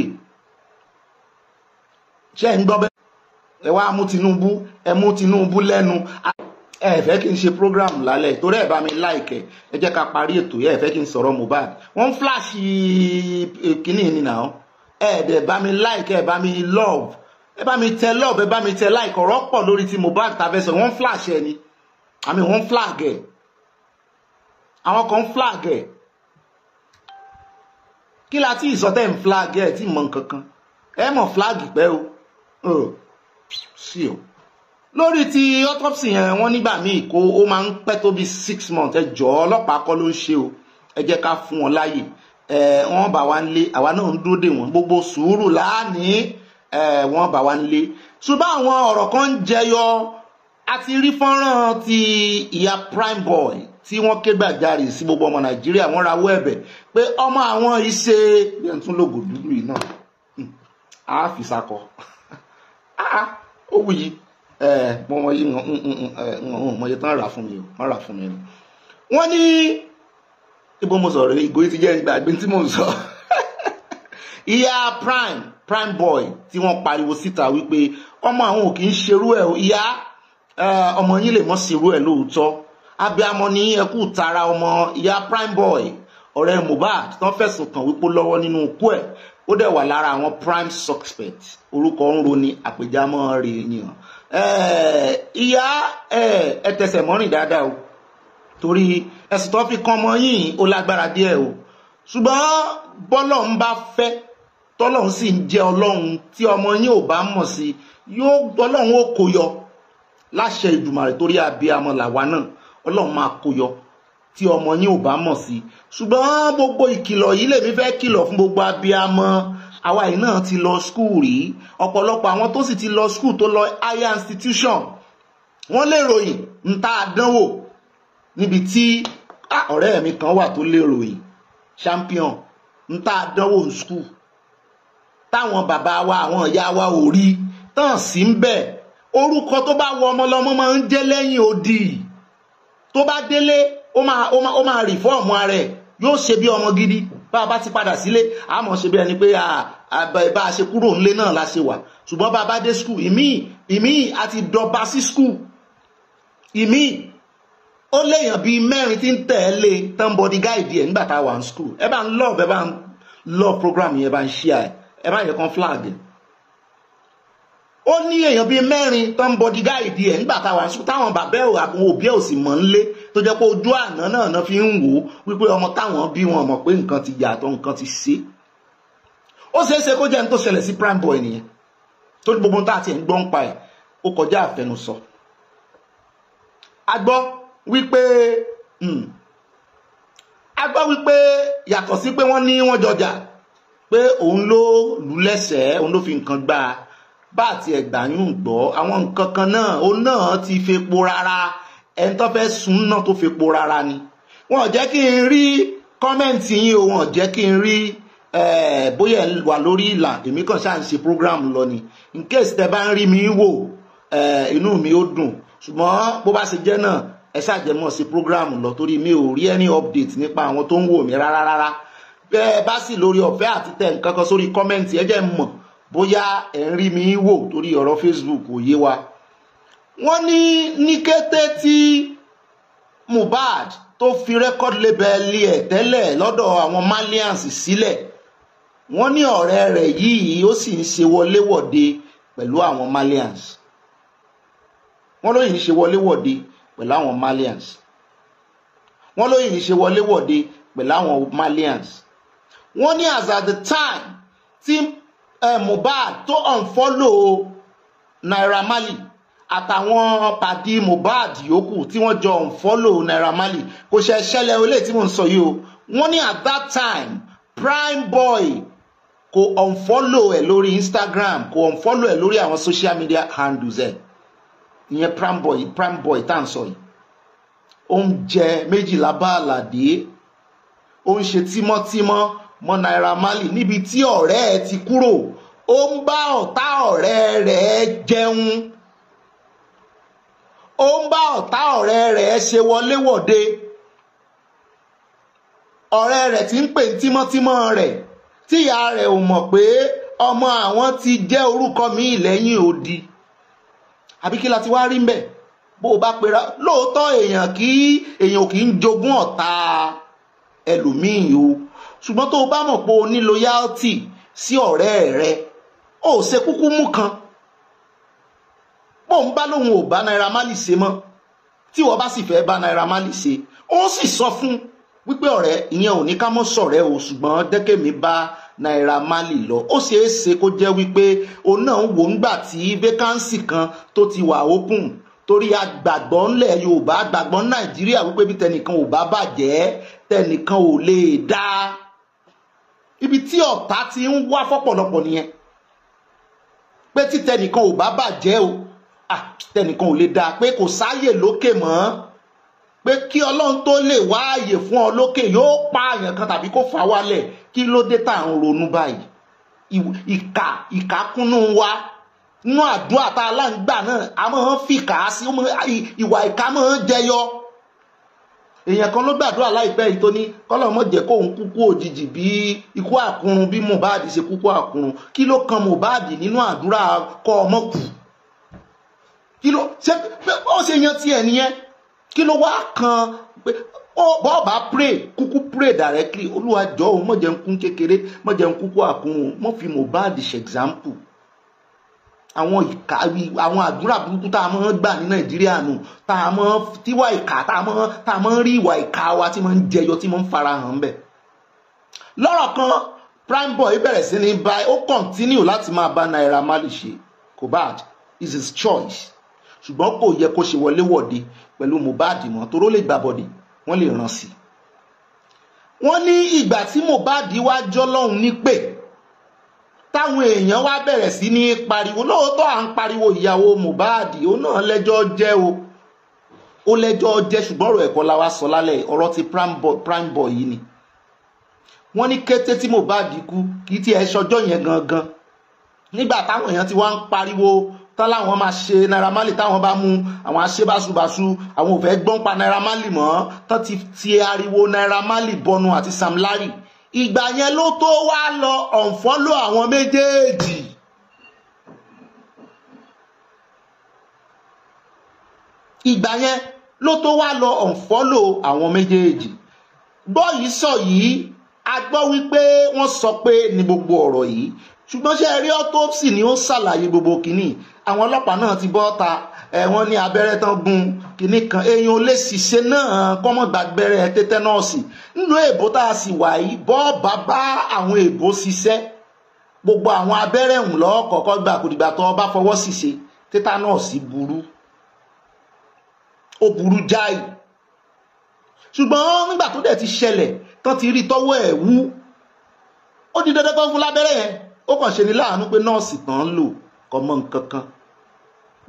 ṣe ń gbọ́ bẹ́ẹ̀ ẹ wá mú Tinubu ẹ mú Tinubu lẹ́nu ẹ fẹ́ kí n ṣe program lálẹ́ torí ẹ bá mi láìkẹ́ ẹ jẹ́ ká parí ètò ẹ fẹ́ kí n sọ̀rọ̀ Mohbad wọ́n flash eh, kínní ni nà ẹ dẹ̀ bá mi láìkẹ́ ẹ bá mi love ẹ bá mi tẹ love ẹ bá mi tẹ like ọ̀rọ̀ pọ̀ lórí ti Mohbad tàbẹ́sọ wọ́n flash ẹ ni àmì wọ́n flag ẹ àwọn kan flag ẹ kí la ti ìsọtẹ́ ń flag ẹ tí mọ nǹkan kan ẹ mọ̀ flag pẹ́ o sí o lórí ti autopsy yẹn wọ́n nígbà míì kó ó máa ń pẹ́ tó bí six months ẹ jọ̀ọ́ ọlọ́pàá kọ́ ló ń ṣe o ẹ jẹ́ ká fún wọn láàyè ẹ wọ́n bá wa ń lé àwa náà ń dúró dè wọ́n gbogbo sùúrù láàánú. Eh, wọ́n bá wa nílé ṣùgbọ́n àwọn ọ̀rọ̀ kan ń jẹyọ a ti rí fọ́nrán ti ìyá prime boy tí wọ́n ké gbàjarè sí gbogbo ọmọ nàìjíríà wọ́n rawọ́ ẹ̀bẹ̀ pé ọmọ àwọn iṣẹ́ bí ẹni tún lògò dúdú yìí náà á hmm. fi sakọ ah, ó wù yí eh, mọ wọn yí mọye tán rà fún mi o wọ́n rà fún mi o wọ́n ní ibo mo sọ̀rọ̀ ìgò yìí ti jẹ́ gbàgbé tí mo sọ. ìyá prime prime boy tí wọ́n pariwo síta wípé ọmọ àwọn ò kì í ṣerú ẹ̀ o ìyá ọmọ yín lè mọ́ ṣerú ẹ̀ lóòótọ́ abiyamọ ní ẹkú tara ọmọ ìyá prime boy ọ̀rẹ́ Mohbad tán fẹ̀sùn kàn wípé lọ́wọ́ nínú ikú ẹ̀ ó dẹ̀ wà lára àwọn prime suspect orúkọ ń roni àpèjámọ́ rẹ̀ yàn ìyá ẹ tẹsẹ̀ mọ́rìn dáadáa o torí ẹ̀sùn tó fi kan ọmọ yìí ó lágbára díẹ̀ o ṣùgbọ́n bọ́lọ̀ ń bá fẹ́ tọ́lọ́run sì ń jẹ́ ọlọ́run tí ọmọ yín ò bá mọ̀ sí yóò ọlọ́run ó kó yọ láṣẹ ìdùmàrè torí abiyamọ làwa náà ọlọ́run máa kó yọ tí ọmọ yín ò bá mọ̀ sí ṣùgbọ́n gbogbo ìkìlọ̀ yìí lèmi fẹ́ kìlọ̀ fún gbogbo abiyamọ àwa yìí náà ti lọ skul rí ọ̀pọ̀lọpọ̀ àwọn tó sì ti lọ skul tó lọ higher institution wọ́n lè ròyìn ń tá a dánwò níbi tí ah, ọ̀rẹ́ mi kan wà tó lè ròyìn champion ń tá a skul táwọn bàbá wa àwọn ìyá wa ò rí tàn sí ń bẹ̀ orúkọ tó bá wọ ọmọ lọmọ máa ń jẹ́ lẹ́yìn odi tó bá délé ó máa ó máa ó máa rìfọ́ọ̀mù ara ẹ̀ yóò ṣe bí ọmọ gidi bá a bá ti padà sílé a mọ̀ ṣe bí ẹni pé bá a ṣe kúrò nílé náà la ṣe wà ṣùgbọ́n bá a bá dé skul ìmíì ìmíì a ti dọba sí skul ìmíì ó léèyàn bíi mẹ́rin tí ń tẹ̀lé tán body guide ẹ̀ nígbà tá a wà ní skul ẹ bá ń love ẹ bá ń love program yẹn bá ń share ẹ̀ ẹ má yẹ kan flag ó ní èèyàn bíi mẹ́rin tó ń bọdí gáìdì ẹ̀ nígbà táwọn aṣọ táwọn bàbá ẹ̀ àwọn òbí ẹ̀ ò sì mọ̀ ń lé tó jẹ́ pé ojú àná náà náà fi ń wò ó wípé ọmọ táwọn bí wọn mọ̀ pé nǹkan ti yàtọ̀ nǹkan ti ṣe ó ṣeé ṣe kó jẹ́ ní tó ṣẹlẹ̀ sí prime boy nìyẹn tó gbogbo tá a ti ń gbọ́ ń pa ẹ̀ ó kọjá àfẹnusọ a wípé hmm, a wípé yàtọ̀ sí pé wọ́n ní wọ́n jọjà pé òun ló lù lẹ́sẹ̀ẹ́ òun ló fi nǹkan gbà á bá àti ẹ̀gbà yún gbọ́ àwọn nǹkan kan náà òun náà ti fepo rárá ẹni tó fẹ́ sùn náà tó fepo rárá ni wọn jẹ́ kí n rí kọ́mẹ́ǹtì yín o wọn jẹ́ kí n rí eh, bóyá ẹ̀ wà lórí ìlà èmi kàn ṣáà ń ṣe program lọ ni in case tẹ bá ń rí mi wò eh, inú mi ó dùn ṣùgbọ́n bó bá ṣe jẹ́ náà ẹ ṣàjẹmọ́ sí program lọ torí mi ò rí any update nípa àwọn tó ń wò mí rárá rárá bẹ́ ẹ bá sì lórí ọ̀fẹ́ àti tẹ̀ nǹkan kan sórí kọ́mẹ́ǹtì ẹ jẹ́ n mọ̀ bóyá ẹ̀ ń rí mi wò torí ọ̀rọ̀ Facebook ò yé wa. wọ́n ní ní kété tí Mohbad tó fi record label ẹ̀ tẹ́lẹ̀ lọ́dọ̀ àwọn malians sílẹ̀ wọ́n ní ọ̀rẹ́ rẹ̀ yìí ó sì ń ṣe wọléwọ̀de pẹ̀lú àwọn malians wọ́n lóyìn ṣe wọléwọ̀de pẹ̀lú àwọn malians wọ́n lóyìn ṣe wọléwọ̀de pẹ̀lú àwọn malians wọ́n ní as at the time tí eh, Mohbad tó unfollow Naira Marley àtàwọn pàdé Mohbad yòókù tí wọ́n jọ unfollow Naira Marley kò ṣe ṣẹlẹ̀ olè tí mò ń sọ yìí o wọ́n ní at that time prime boy kò unfollow ẹ̀ lórí Instagram kò unfollow ẹ̀ lórí àwọn social media handles ẹ̀ ìyẹn prime boy prime boy tá à ń sọ yìí ó ń jẹ méjìlá bá àlàdé ó ń ṣe tímọ́tímọ́ mọ́ Naira Marley níbi tí ọ̀rẹ́ ẹ ti kúrò ó ń bá ọ̀tá ọ̀rẹ́ rẹ̀ jẹun ó ń bá ọ̀tá ọ̀rẹ́ rẹ̀ ṣe wọléwọ̀de ọ̀rẹ́ rẹ̀ ti ń pè tímọ́tímọ́ rẹ̀ tíyà rẹ̀ ò mọ̀ pé ọmọ àwọn ti jẹ́ orúkọ mi lẹ́yìn odi àbí kí la ti wá rí mbẹ̀ bó o bá pera lóòótọ́ èèyàn kí èèyàn kì í jogún ọ̀tá ẹlòmíì o ṣùgbọ́n tó o bá mọ̀ pé o ní loyalty sí ọ̀rẹ́ rẹ o ò ṣe kúkú mú kan bó ń bá lóun ò bá Naira Marley ṣe mọ́ tí wọ́n bá sì fẹ́ bá Naira Marley ṣe ó sì sọ fún wípé ọ̀rẹ́ ìyẹn ò ní ká mọ́ sọ̀rẹ́ o ṣùgbọ́n dẹ́kẹ̀mí bá Naira Marley lọ ó ṣeé ṣe kó jẹ́ wípé òun náà ń wò ńgbà tí vacancy kan tó ti wà open torí agbàgbọ́ ńlẹ̀ Yorùbá agbàgbọ́ Nàìjíríà wípé bí tẹnìkan ò bá bàjẹ́ tẹnìkan ò lè dáa ibi tí ọ̀tá ti ń wá fọ́pọ̀lọpọ̀ nìyẹn pé tí tẹnìkan ò bá bàjẹ́ o tẹnìkan ò lè dáa pé kò sáàyè lókè mọ́ pé kí ọlọ́run tó lè wá ààyè fún ọ lókè yóò pa àyàn kan tàbí kó fà wálẹ̀ kí ló dé tá à ń ronú báyìí ìkà ìkàkúnnú wa nínú àdúrà tá a láǹgbà náà a máa ń fìkà sí ìwà ìkà máa ń jẹyọ èèyàn kan ló gbàdúrà láìpẹ́ yìí tó ní kọ́lọ́mọ jẹ́ kóun kúkú òjijì bí ikú àkúrun bí Mohbad ṣe kúkú àkúrun kí ló kan Mohbad nínú àdúrà kọ́ ọmọ kù kí ló ṣe ó ṣe yan tiẹ̀ nìyẹn kí ló wá kan pé bọ́ọ̀bà pray kúkú pray directly olúwa jọ̀ọ́ mọ̀jẹ̀ ń kún kékeré mọ̀jẹ̀ ń kúkú àkúrun mọ̀ fi Mohbad ṣe example àwọn ìka àwọn àdúrà burúkú tá a mọ́ gbà ní nàìjíríà nù tá a mọ́ tíwá ìka tá a mọ́ tá a mọ́ rí ìwà ìka wa tí máa ń jẹyọ tí máa ń farahàn bẹ́ẹ̀. lọ́rọ̀ kan prime boy bẹ̀rẹ̀ sí ní bá ó kọ̀ntínú láti máa bá Naira Marley ṣe Mohbad is his choice ṣùgbọ́n kò yẹ kó ṣe wọléwọ̀de pẹ̀lú Mohbad mọ́ toró lè gbàbọ̀dẹ̀ wọ́n lè ràn sí i. wọ́n ní ìgbà tí Mohbad wá jọ́ lọ́hùn ní pè táwọn èèyàn wá bẹ̀rẹ̀ sí ní pariwo lóòótọ́ à ń pariwo ìyàwó Mohbad òun náà lẹ́jọ́ jẹ́ o ó lẹ́jọ́ jẹ́ ṣùgbọ́n ọ̀rọ̀ ẹ̀kọ́ la wá sọ lálẹ́ ọ̀rọ̀ ti prime boy yìí ni wọ́n ní kété tí Mohbad kú kì í tiẹ̀ ṣọjọ́ yẹn gangan nígbà táwọn èèyàn ti wá ń pariwo tán láwọn máa ṣe Naira Marley táwọn bá mú àwọn aṣébáṣubàṣu àwọn ò gbọ́n pa Naira Marley mọ́ tán ti ariwo Naira Marley bọnu àti Sam Larry ìgbà yẹn ló tó wá lọ unfollow àwọn méjèèjì. ìgbà yẹn ló tó wá lọ unfollow àwọn méjèèjì gbọ́ yìí sọ yìí a gbọ́ wípé wọ́n sọ pé ní gbogbo ọ̀rọ̀ yìí ṣùgbọ́n ṣe rí autopsy ni ó ṣàlàyé gbogbo kìíní àwọn ọlọ́pàá náà ti bọ́ ta wọ́n ní abẹ́rẹ́ tán gun kìíní kan èèyàn lè ṣìṣe náà kọ́mọ́ gbàgbẹ́rẹ́ tétánọ́ọ̀sì nínú èbó tá a sì wà yìí bọ́ọ̀bà bá àwọn èbó ṣiṣẹ́ gbogbo àwọn abẹ́rẹ́ ń lọ́ọ́ kọ̀ọ̀kan gbà kò dìgbà tó bá fọwọ́ ṣìṣe tétánọ́ọ̀sì burú ó burú jáì ṣùgbọ́n nígbà tó dẹ̀ ti ṣẹlẹ̀ tán ti rí tọ́wọ́ ẹ̀ wú ó di dandan kan fún lábẹ́rẹ́ yẹn ó kàn ṣe ní láàánú pé nọ́ọ̀sì tán ń lò kọ́ mọ́ nǹkan kan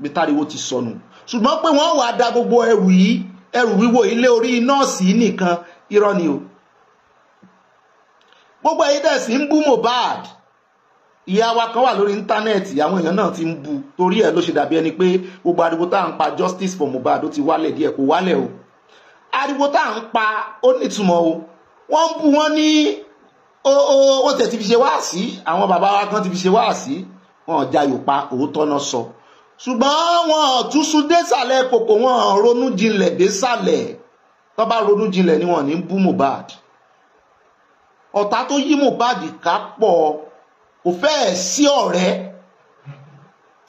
bí táriwo ti sọnù ṣùgbọ́n pé wọ́n wàá da gbogbo ẹrù yìí ẹrù wíwo ilé orí nọ́ọ̀sì nìkan irọ́ ni o gbogbo ẹ̀yin tẹ̀sí ń bú Mohbad ìyá wa kan wà lórí íńtánẹ́ẹ̀tì àwọn èèyàn náà ti ń bu torí ẹ̀ ló ṣe dàbí ẹni pé gbogbo ariwo tá à ń pa justice for Mohbad ó ti wálẹ̀ díẹ̀ kò wálẹ̀ o ariwo tá à ń pa ó nítumọ̀ o wọ́n ń bu wọ́n ní o tẹ̀ ti fi ṣe wáàsí àwọn bàbá wa kan ti fi ṣe wáàsí wọn ò jayò pa òótọ́ náà sọ. So ṣùgbọ́n wọn túnṣu désàlẹ̀ kòkò wọn ronú jinlẹ̀ désàlẹ̀ tó bá ronú jinlẹ̀ ni wọn ní bú Mohbad ọ̀tá tó yí Mohbad ká pọ̀ kò fẹ́ẹ̀ sí ọ̀rẹ́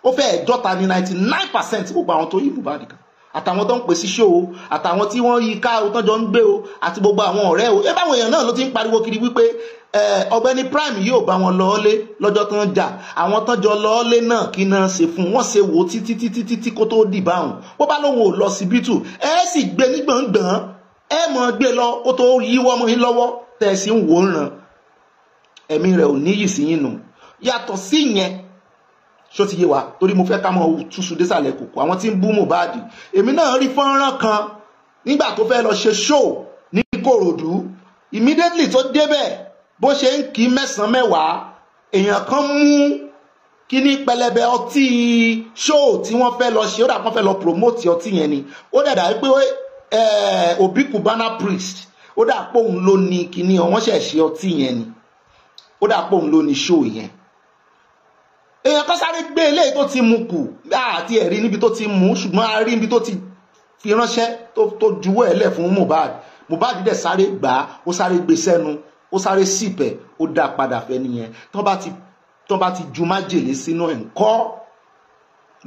ó fẹ́ẹ̀ jọ́ta ní ninety nine percent gbogbo àwọn tó yí Mohbad ká àtàwọn tó ń pè sí ṣó o àtàwọn tí wọ́n yí ká o tọ́jọ́ ń gbé o àti gbogbo àwọn ọ̀rẹ́ o ebí àwọn èèyàn náà ló ti ń pariwo kiri wípé ọ̀gbẹ́ni prime yóò bá wọn lọ́ọ́lé lọ́jọ́ tó ń jà àwọn tọ́jọ́ lọ́ọ́lé náà kí náà ṣe fún wọ́n ṣe wò ó títí títí títí kó tó dì báwọn bó bá lóun ò lọ síbítù ẹ sì gbé ní gbọ̀ngbọ̀n ẹ mọ̀ gbé lọ kó tó yíwọ́ mọ́ yín lọ́wọ́ tẹ̀ ń wò ó ràn ẹ̀mí rẹ̀ ò níyì sí nù yàtọ̀ sí ṣó ti yé wa torí mo fẹ́ ká mọ̀ túṣu désàlẹ̀ kòkó àwọn tí ń bú Mohbad èmi náà rí fọ́nrán kan nígbà tó fẹ́ lọ ṣe show ní korodu, immediately tó débẹ̀ bó ṣe ń kí mẹ́sàn-án mẹ́wàá èèyàn kan mú kíní pẹlẹbẹ ọtí show tí wọ́n fẹ́ lọ ṣe ó dà kán fẹ́ lọ promote ọtí yẹn ni ó dàda pé Obi Cubana priest ó dà pé òun ló ní kíní ọ̀ wọ́n ṣẹ̀ ṣe ọtí yẹn ni ó dà pé ló ní show yẹn èèyàn kan sáré gbé eléyìí tó ti mu kù àti ẹ̀rí níbi tó ti mú ṣùgbọ́n a rí níbi tó ti fi ránṣẹ́ tó juwọ́ ẹ̀ lẹ̀ fún Mohbad Mohbad dẹ̀ sáré gbà á ó sáré gbé sẹ́nu ó sáré sìpẹ̀ ó dá padà fẹ́ nìyẹn tó bá ti tó ti ju májèlé sínú ẹ̀ ń kọ́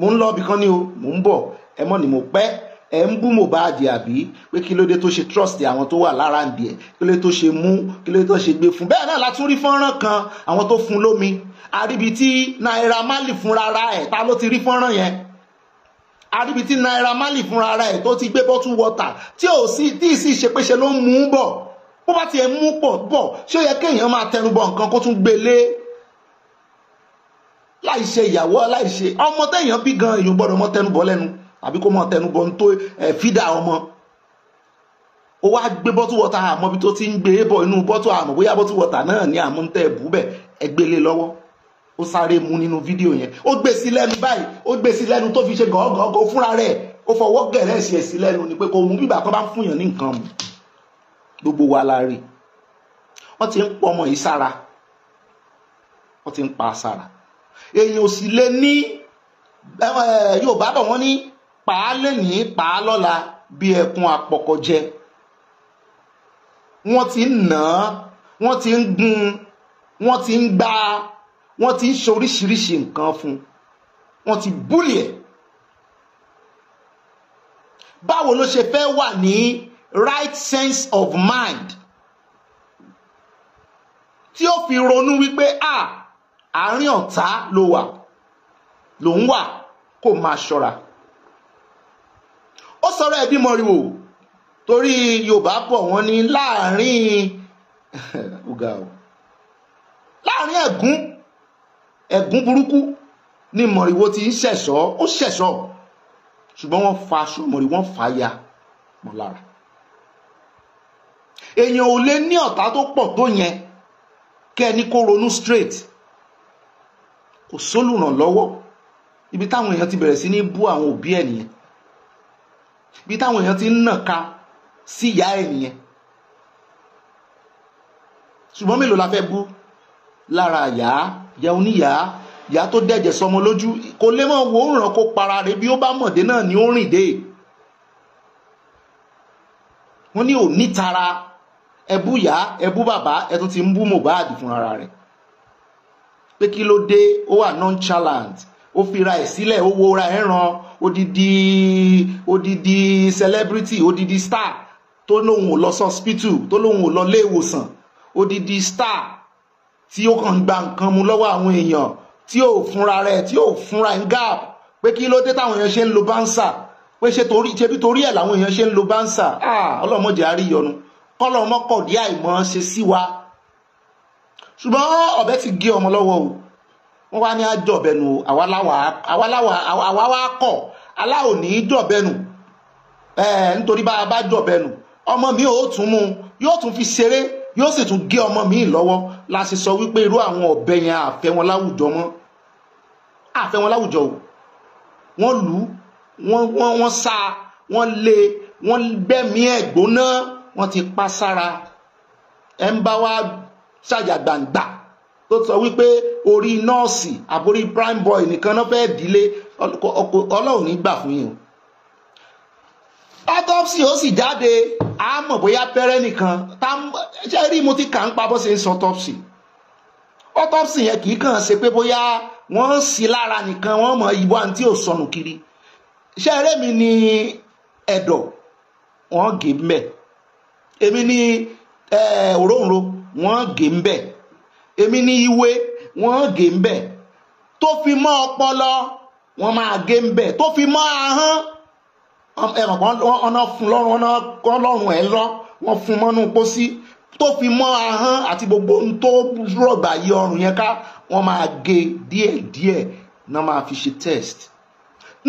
mo ń lọ ibì kan ní o mo ń bọ̀ ẹ mọ̀ ni mo pẹ́ ẹ ń bú Mohbad àbí pé kí ló dé tó ṣe trust àwọn tó wà lára ń diẹ kí ló dé tó ṣe mú kí ló dé tó ṣe gbé fún bẹ́ẹ̀ náà la tún rí fọ́nrán kan àwọn tó fún lómi àríbi tí Naira Marley fúnra ra ẹ̀ ta ló ti rí fọ́nrán yẹn àríbi tí Naira Marley fúnra ra ẹ̀ tó ti gbé bottle water tí ò sí tí ì sì ṣe péṣe ló ń mú bọ̀ bó bá tiẹ̀ mú pọ̀ bọ̀ ṣé ó yẹ kéèyàn máa tẹnubọ̀ nǹkan kó tún gbélé láì ṣe ìyàwó láì ṣe ọmọ téèyàn bí gan èèyàn gbọ́dọ̀ mọ́ tẹnubọ̀ lẹ́nu àbí kó mọ tẹnubọ ń tó fídà ọmọ ó wá gbé bọ́tù wọ́tà àmọ́ bí tó ti ń gbé bọ̀ inú bọ́tù àmọ́ bóyá bọ́tù wọ́tà náà ní àmúntẹ́ bù bẹ́ẹ̀ ẹgbẹ́lé lọ́wọ́ ó sáré mu nínú fídíò yẹn ó gbé sí lẹ́nu báyìí ó gbé sí lẹ́nu tó fi ṣe gọ́gọ́gọ́ fúnra rẹ̀ ó fọwọ́ gẹ̀rẹ́ sí ẹ̀ lẹ́nu ni pé kò mú bíbà kan bá ń fúnyàn ní nǹkan mu gbogbo wa la rí wọ́n ti ń pọ ọmọ yìí sára wọ́n ti ń pa sára èèyàn ò sì lè ní Yorùbá bọ̀ wọ́n ní pa á lénìí pa á lọ́la bí ẹkùn àpọ̀kọ̀jẹ wọ́n ti ń nà á wọ́n ti ń gun wọ́n ti ń gbá wọ́n ti ń ṣe nǹkan fún wọ́n ti búlì ẹ̀ báwo ló ṣe fẹ́ wà ní right sense of mind tí ó fi ronú wípé a àárín ọ̀tá ló wà ló wà kó máa ṣọ́ra ó sọ̀rọ̀ ẹbí mọriwò torí yorùbá bọ̀ wọ́n ní láàrin o láàrin ẹ̀gún ẹ̀gún burúkú ni mọriwò ti ń ṣẹ̀ṣọ́ ó ṣẹ̀ṣọ́ ṣùgbọ́n wọ́n fa aṣọ mọ̀rí wọ́n fà á ya mọ́ lára èèyàn ò lè ní ọ̀tá tó pọ̀ tó yẹn kẹ́ni kó ronú straight kò sólùrànlọ́wọ́ ibi táwọn èèyàn ti bẹ̀rẹ̀ sí ní bú àwọn òbí ẹ̀ nìyẹn bí táwọn èèyàn ti ń nàka sí ìyá ẹ̀ nìyẹn ṣùgbọ́n mélòó la fẹ́ bú lára ìyá ìyá oníyà ìyá tó dẹ̀jẹ̀ sọmọ lójú kò lè mọ̀ wò ó ràn kó para rẹ̀ bí ó bá mọ̀dé náà ni ó rìn dé wọ́n ní ò nítara ẹbú ìyá ẹbú bàbá ẹ ti ń bú Mohbad fúnra rẹ̀ pé kí ló dé ó wà nonchalant ó fira ẹ̀ sílẹ̀ ó wo ra ẹ̀ odidi odidi celebrity odidi star tó lóun ò lọ sọ́spítù tó lóun ò lọ lé ìwòsàn odidi star tí ó kàn gba nǹkan mu lọ́wọ́ àwọn èèyàn tí ò fúnra rẹ̀ tí ò fúnra ń gap pé kí ló dé táwọn èèyàn ṣe ń lo bánsà pé ṣe torí ṣe bí torí ẹ̀ làwọn èèyàn ṣe ń lo bánsà ah, ọlọ́mọdé àríyọnu kọ́lọ́mọkọ̀dí àìmọ́ ṣe sí wa ṣùgbọ́n ọ̀bẹ ti gé ọmọ lọ́wọ́ o wọ́n wá ní àjọ̀bẹ̀nu àwa wá kọ̀ aláwo ní í jọ̀bẹ̀nu nítorí bá a bá jọ̀bẹ̀nu ọmọ mi ò tún mú yóò tún fi ṣeré yóò sì tún gé ọmọ mi lọ́wọ́ la sì sọ wípé irú àwọn ọ̀bẹ yẹn àfẹ́ wọn láwùjọ mọ́ àfẹ́ wọn láwùjọ o wọ́n lù ú wọ́n sá wọ́n lé wọ́n gbẹ́mí ẹ̀ gbóná wọ́n ti pa sára ẹ̀ ń bá wa ṣàjàgbàǹgbà tó sọ wípé orí nọ́ọ̀sì àbórí prime boy nìkan náà fẹ́ẹ́ dílé ọlọ́run ní gbà fún yín autopsy ó sì jáde a mọ̀ bóyá pẹ́rẹ́ nìkan tá ṣe rí mo ti kà ń pa bó ṣe ń sọ autopsy autopsy yẹn kì í kàn ṣe pé bóyá wọ́n ń sí lára nìkan wọ́n mọ̀ ìbọn àǹtí ò sọnù kiri ṣe eré mi ní ẹ̀dọ̀ wọ́n gé mbẹ̀ èmi ní òróǹro wọ́n gé mbẹ̀ èmi ní ìwé wọ́n gé ń bẹ̀ tó fi mọ́ ọpọlọ wọ́n máa gé ń bẹ̀ tó fi mọ́ ahọ́n ẹ̀rọ̀pọ̀ ọ̀nà fún lọ́rùn ọ̀nà ọlọ́run ẹ̀ lọ wọ́n fún mọ́nú pósí tó fi mọ́ ahọ́n àti gbogbo ohun tó rọ̀gbà yí ọrùn yẹn ká wọ́n máa gé díẹ̀díẹ̀ náà máa fi ṣe test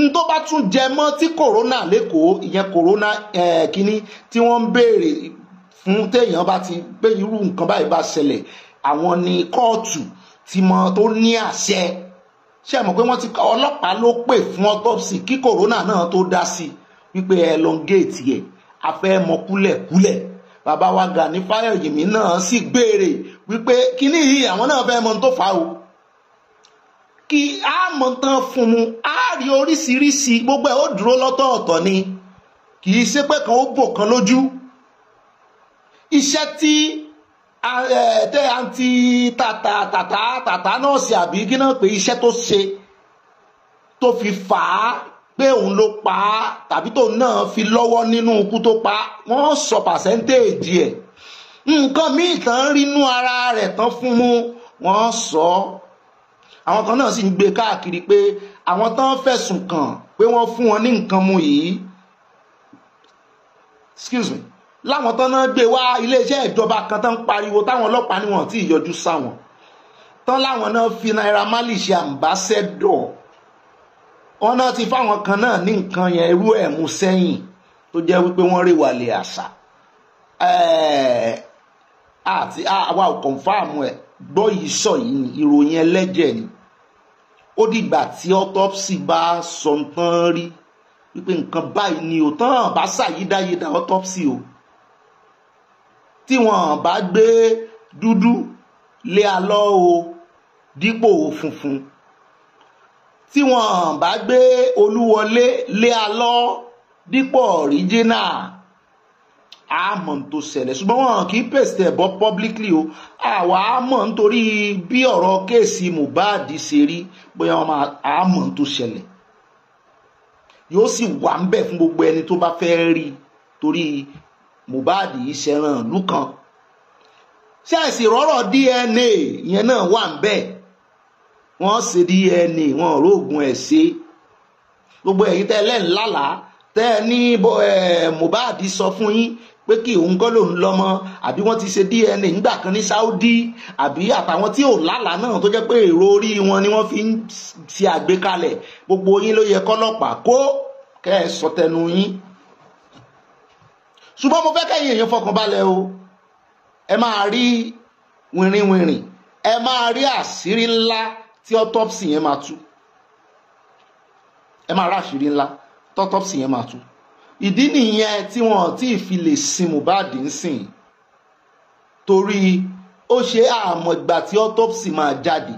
n tó bá tún jẹ mọ́ tí corona lẹ́kọ̀ọ́ ìyẹn corona kínní tí wọ́n ń béèrè fún téèyàn bá ti pé irú nǹkan báyìí bá ṣẹlẹ̀ àwọn ni kóòtù tí mọ tó ní àṣẹ ṣé mọ̀ pé wọ́n ti ọlọ́pàá ló pè fún autopsy kí corona náà tó dá sí wípé elongate ẹ̀ a fẹ́ mọ kúlẹ̀kúlẹ̀ bàbá wa Gani Fáyọ̀yèmí náà sì gbére wípé kíní yìí àwọn náà fẹ́ mọ tó fà á o kí a mọ̀ tán fún mu a rí oríṣiríṣi gbogbo ẹ̀ ó dúró lọ́tọ̀ọ̀tọ̀ ni kì í ṣe pé kan ó bò kan lójú iṣẹ́ tí tẹ àǹtí tàtà tàtà tàtà nọ́ọ̀sì àbí kí náà pé iṣẹ́ tó ṣe tó fi fà á pé òun ló pa á tàbí tóun náà fi lọ́wọ́ nínú ikú tó pa á wọ́n sọ pàṣẹ́ntéèjì ẹ̀ nǹkan míì tán rínú ara rẹ̀ tán fún mu wọ́n sọ àwọn kan náà sì ń gbé káàkiri pé àwọn tán fẹ̀sùn kàn pé wọ́n fún wọn ní nǹkan mu yìí excuse me láwọn tán náà gbé wá iléeṣẹ́ ìjọba kan tán ń pariwo táwọn ọlọ́pàá ni wọ́n ti yọjú sáwọn tán láwọn náà fi Naira Marley ṣe àmbásẹ́dọ̀ wọn náà ti fáwọn kan náà ní nǹkan yẹn irú ẹ̀ mú sẹ́yìn tó jẹ́ wípé wọ́n rí wàlẹ̀ àṣà àti àwa ò kọ̀ǹfàmù ẹ̀ gbọ́ yìí sọ yìí ni ìròyìn ẹlẹ́jẹ̀ ni ó dìgbà tí autopsy bá sọ tán rí wípé nǹkan báyìí ni ò tán bá ṣàyídáyédá autopsy o. Tan, tí wọn bá gbé dúdú lé alọ́ o dípò funfun tí wọn bá gbé olúwọlé lé alọ́ dípò ọ̀ríjínà àmọ́ tó ṣẹlẹ̀ ṣùgbọ́n wọn kì í pèsè ẹ̀bọ publicly o àwa àmọ́ nítorí bí ọ̀rọ̀ kéèsì Mohbad ṣe rí bóyá wọn máa àmọ́ tó ṣẹlẹ̀ yóò sì wà ń bẹ̀ fún gbogbo ẹni tó bá fẹ́ rí torí Mohbad yìí ṣẹran ìlú kan ṣẹ́ẹ̀sì rọ́rọ̀ DNA yẹn náà wà ń bẹ̀ wọ́n ṣe DNA wọn rògùn ẹ̀ ṣe gbogbo ẹ̀yin tẹ́ lẹ́yìn lálàá tẹ́ ẹ ní Mohbad sọ fún yín pé kí òun kọ́ lòun lọ́mọ àbí wọ́n ti ṣe DNA nígbà kan ní Saudi àbí àtàwọn tí ò lálàá náà tó jẹ́ pé èrò orí wọn ni wọ́n fi ń ṣe àgbékalẹ̀ gbogbo yín ló yẹ kọ́lọ́pàá kó kẹ́ ẹ sọ tẹnu yín ṣùgbọ́n mo fẹ́ kẹ́yìn èèyàn fọkàn balẹ̀ o ẹ máa rí wìrìwìrìn ẹ máa rí àṣírí ńlá tí autopsy yẹn máa tú ẹ máa rí àṣírí ńlá tí autopsy yẹn máa tú ìdí nìyẹn tí wọn tí ì fi lè sin Mohbad nsìn torí ó ṣe àmọ́ ìgbà tí autopsy máa jáde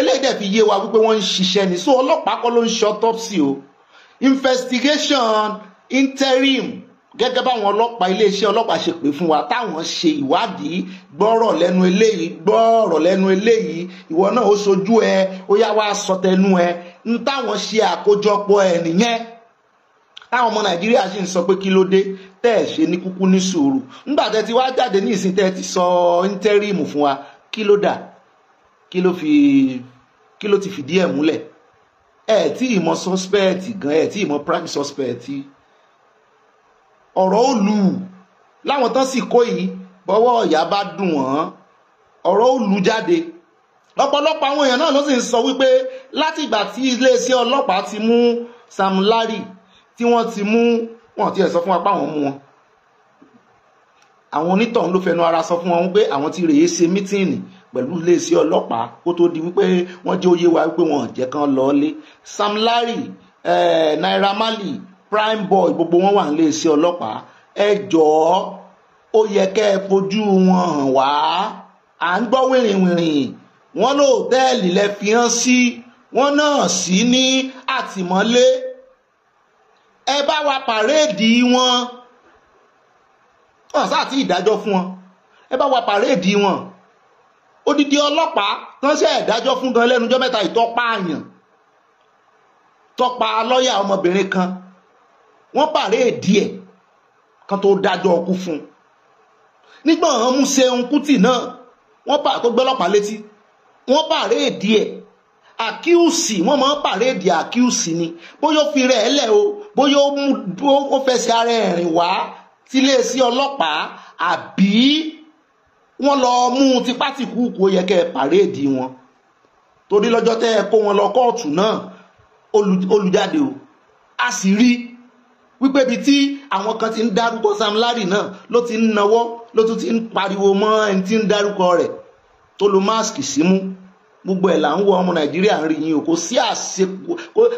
eléyìí dẹ̀ fi yé wa wípé wọ́n ń ṣiṣẹ́ ni so ọlọ́pàá kọ́ ló ń ṣe autopsy o investigation interim gẹ́gẹ́ báwọn ọlọ́pàá iléeṣẹ́ ọlọ́pàá ṣe pè fún wa táwọn ṣe ìwádìí gbọ́rọ̀ lẹ́nu eléyìí gbọ́rọ̀ lẹ́nu eléyìí ìwọ náà ó sojú ẹ ó yá wá sọ tẹnu ẹ ń táwọn ṣe àkójọpọ̀ ẹ nìyẹn táwọn ọmọ nàìjíríà sì ń sọ pé kí ló dé tẹ́ ẹ̀ ṣe ní kúkú ní sùúrù nígbà tẹ́ ti wá jáde ní ìsìn tẹ́ ti sọ íńtẹ́rìmù fún wa kí ló dà kí ló fi kí ló ti fìdí ẹ̀ múlẹ̀ ẹ̀ tí ì mọ suspect gan ẹ̀ tí ì mọ prime suspect ọ̀rọ̀ ó lù láwọn tán sì kó yìí bọ́wọ́ ìyá bá dùn wọ́n ọ̀rọ̀ ó lù jáde ọ̀pọ̀lọpọ̀ àwọn èèyàn náà ló sì ń sọ wípé láti ìgbà tí iléeṣẹ́ ọlọ́pàá ti mú Sam Larry tí wọ́n ti mú wọn ti ẹ̀ sọ fún wa pé àwọn mú wọn àwọn onítọ̀hún ló fẹnu ara sọ fún wọn pé àwọn ti rèé ṣe mítìnì pẹ̀lú iléeṣẹ́ ọlọ́pàá kó tó di wípé wọ́n jẹ́ òye wa wípé wọn ò jẹ́ kán lọ́ọ́lé Sam Larry eh, Naira Marley prime boy gbogbo wọn wà nílé iṣẹ́ ọlọ́pàá ẹ jọ̀ọ́ ó yẹ kẹ́ ẹ fojú wọn hàn wá à ń gbọ́ wìrìwìrìn wọn lóòtẹ́ẹ̀lì lẹ fi hàn sí wọn náà sí ní àtìmọ́lé ẹ bá wa pàréèdì wọn wọn sáà tí ìdájọ́ fún wọn ẹ bá wa pàréèdì wọn odidi ọlọ́pàá tán ṣe ìdájọ́ fún gan lẹ́nujọ́ mẹ́ta ìtọ́pá àyàn tọ́pa lọ́ọ̀yà ọmọbìnrin kan wọ́n pàrẹ́ èdè ẹ̀ kan tó dájọ́ ọkú fún un nígbà wọn mú Ṣeun Kútì náà wọ́n pàrẹ́ tó gbẹ́lọ́pàá létí wọ́n pàrẹ́ èdè ẹ̀ àkíùsì wọ́n máa ń pàrẹ́ èdè àkíùsì ni bóyá ó fi rẹ̀ ẹ́ lẹ̀ o bóyá ó fẹsẹ̀ ara ẹ̀ rìn wá sílé sí ọlọ́pàá àbí wọ́n lọ mú un tipá tì kú kó yẹ kẹ́ ẹ pàréèdì wọn torí lọ́jọ́ tẹ́ ẹ kó wọn lọ kóòtù náà olùjáde o a sì rí i wípé ibi tí àwọn kan ti ń dárúkọ Sam Larry náà ló ti ń nawọ́ ló tún ti ń pariwo mọ́ ẹni tí ń dárúkọ rẹ̀ tó lo máàsì símú gbogbo ẹ̀ là ń wọ ọmọ Nàìjíríà ń rí yín o kò sí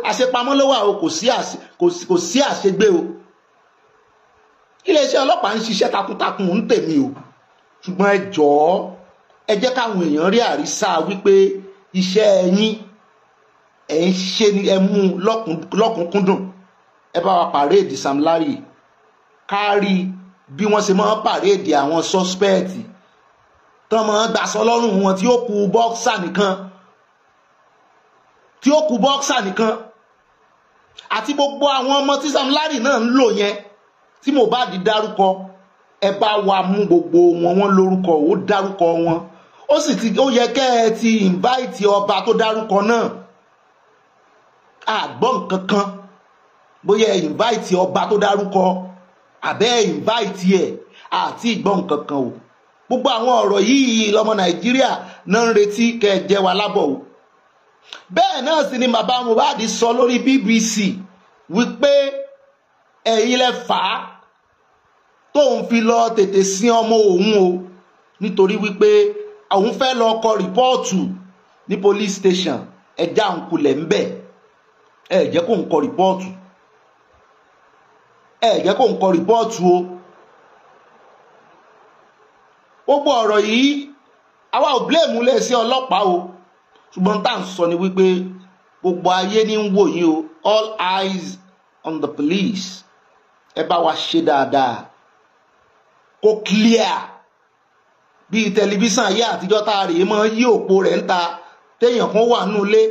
àṣepamọ́ lọ́wọ́ o kò sí àṣegbé o iléeṣẹ́ ọlọ́pàá ń ṣiṣẹ́ takuntakun ń tèmi o ṣùgbọ́n ẹ jọ̀ọ́ ẹ jẹ́ káwọn èèyàn rí àrísà wípé iṣẹ́ ẹ̀yin ẹ̀ ń ṣe ni ẹ mú ẹ bá wa pàréèdì Sam Larry kárí bí wọ́n ṣe máa ń pàréèdì àwọn sọ́spẹ́ẹ̀tì tán máa ń gbàsọ́ lọ́rùn wọn tí ó ku bọ́ksà nìkan tí ó ku bọ́ksà nìkan àti gbogbo àwọn ọmọ tí Sam Larry náà ń lò yẹn tí Mohbad dárúkọ ẹ bá wa mú gbogbo wọn wọn lórúkọ ó dárúkọ wọn ó sì ti ó yẹ kẹ́ ẹ ti ìnváìtì ọba tó dárúkọ náà àgbọ̀n kankan bóyá ẹ invite ọba tó dárúkọ àbẹ́ invite ẹ àti ìgbọ́n kankan o gbogbo àwọn ọ̀rọ̀ yìí lọ́mọ nàìjíríà náà ń retí kẹ́ ẹ jẹ́ wa lábọ̀ o bẹ́ẹ̀ náà sì ni bàbá Mohbad sọ lórí BBC wípé ẹ̀yin lẹ fà á tóun fi lọ tètè sin ọmọ òun o nítorí wípé òun fẹ́ lọ kọ rìpọ́ọ̀tù ní police station ẹ̀já òun kulẹ̀ ń bẹ̀ ẹ̀ jẹ́ kó kọ rìpọ́ọ̀tù ẹ jẹ́ kó ń kọ rìpọ́ọ̀tù o gbogbo ọ̀rọ̀ yìí àwa ò blame iléeṣẹ́ ọlọ́pàá o ṣùgbọ́n tá à ń sọ ni wípé gbogbo ayé ní ń wò yín o all eyes on the police ẹ bá wa ṣe dáadáa kó clear bíi tẹlifíṣàn ayé àtijọ́ tá a rèé mọ́ yí òpó rẹ̀ ń ta téèyàn kan wà nínú ilé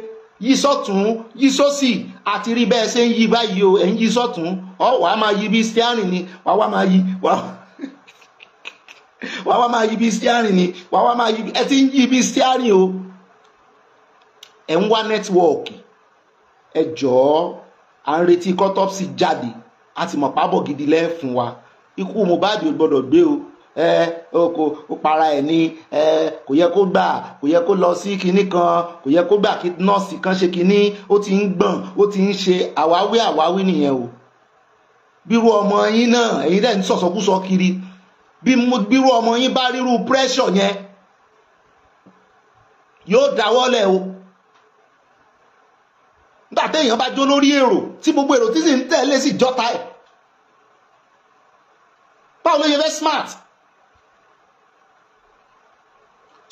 yí sọ́tún yí sósì àti rí bẹ́ẹ̀ ṣe ń yí báyìí o ẹ̀ ń yí sọ́tún ọ wà á máa yí bí stiarin ni wà á wá máa yí wà á wá máa yí bí stiarin ni wà á wá máa yí ẹ ti ń yí bí stiarin o ẹ̀ ń wá nẹ́tíwọ́ọ̀kì ẹ jọ̀ọ́ à ń retí kọ́tọ́psì jáde a ti mọ̀ pábọ̀ gidi lẹ́ẹ̀fún wa ikú Mohbad ò gbọ́dọ̀ gbé o ẹ kò para ẹ ni ẹ kò yẹ kó gbà kò yẹ kó lọ sí kinní kan kò yẹ kó gbà kí nọ́ọ̀sì kan ṣe kinní ó ti ń gbọ̀n ó ti ń ṣe àwáwí àwáwí nìyẹn o bírú ọmọ yín náà ẹ̀yin dẹ̀ ń sọ̀sọ̀kúsọ kiri bírú ọmọ yín bá ríru pressure yẹn yóò dáwọ́lẹ̀ o nígbà téèyàn bá jó lórí èrò tí gbogbo èrò tí sì ń tẹ̀lé sí jọ́ta ẹ̀ báwo ló yẹ fẹ́ smart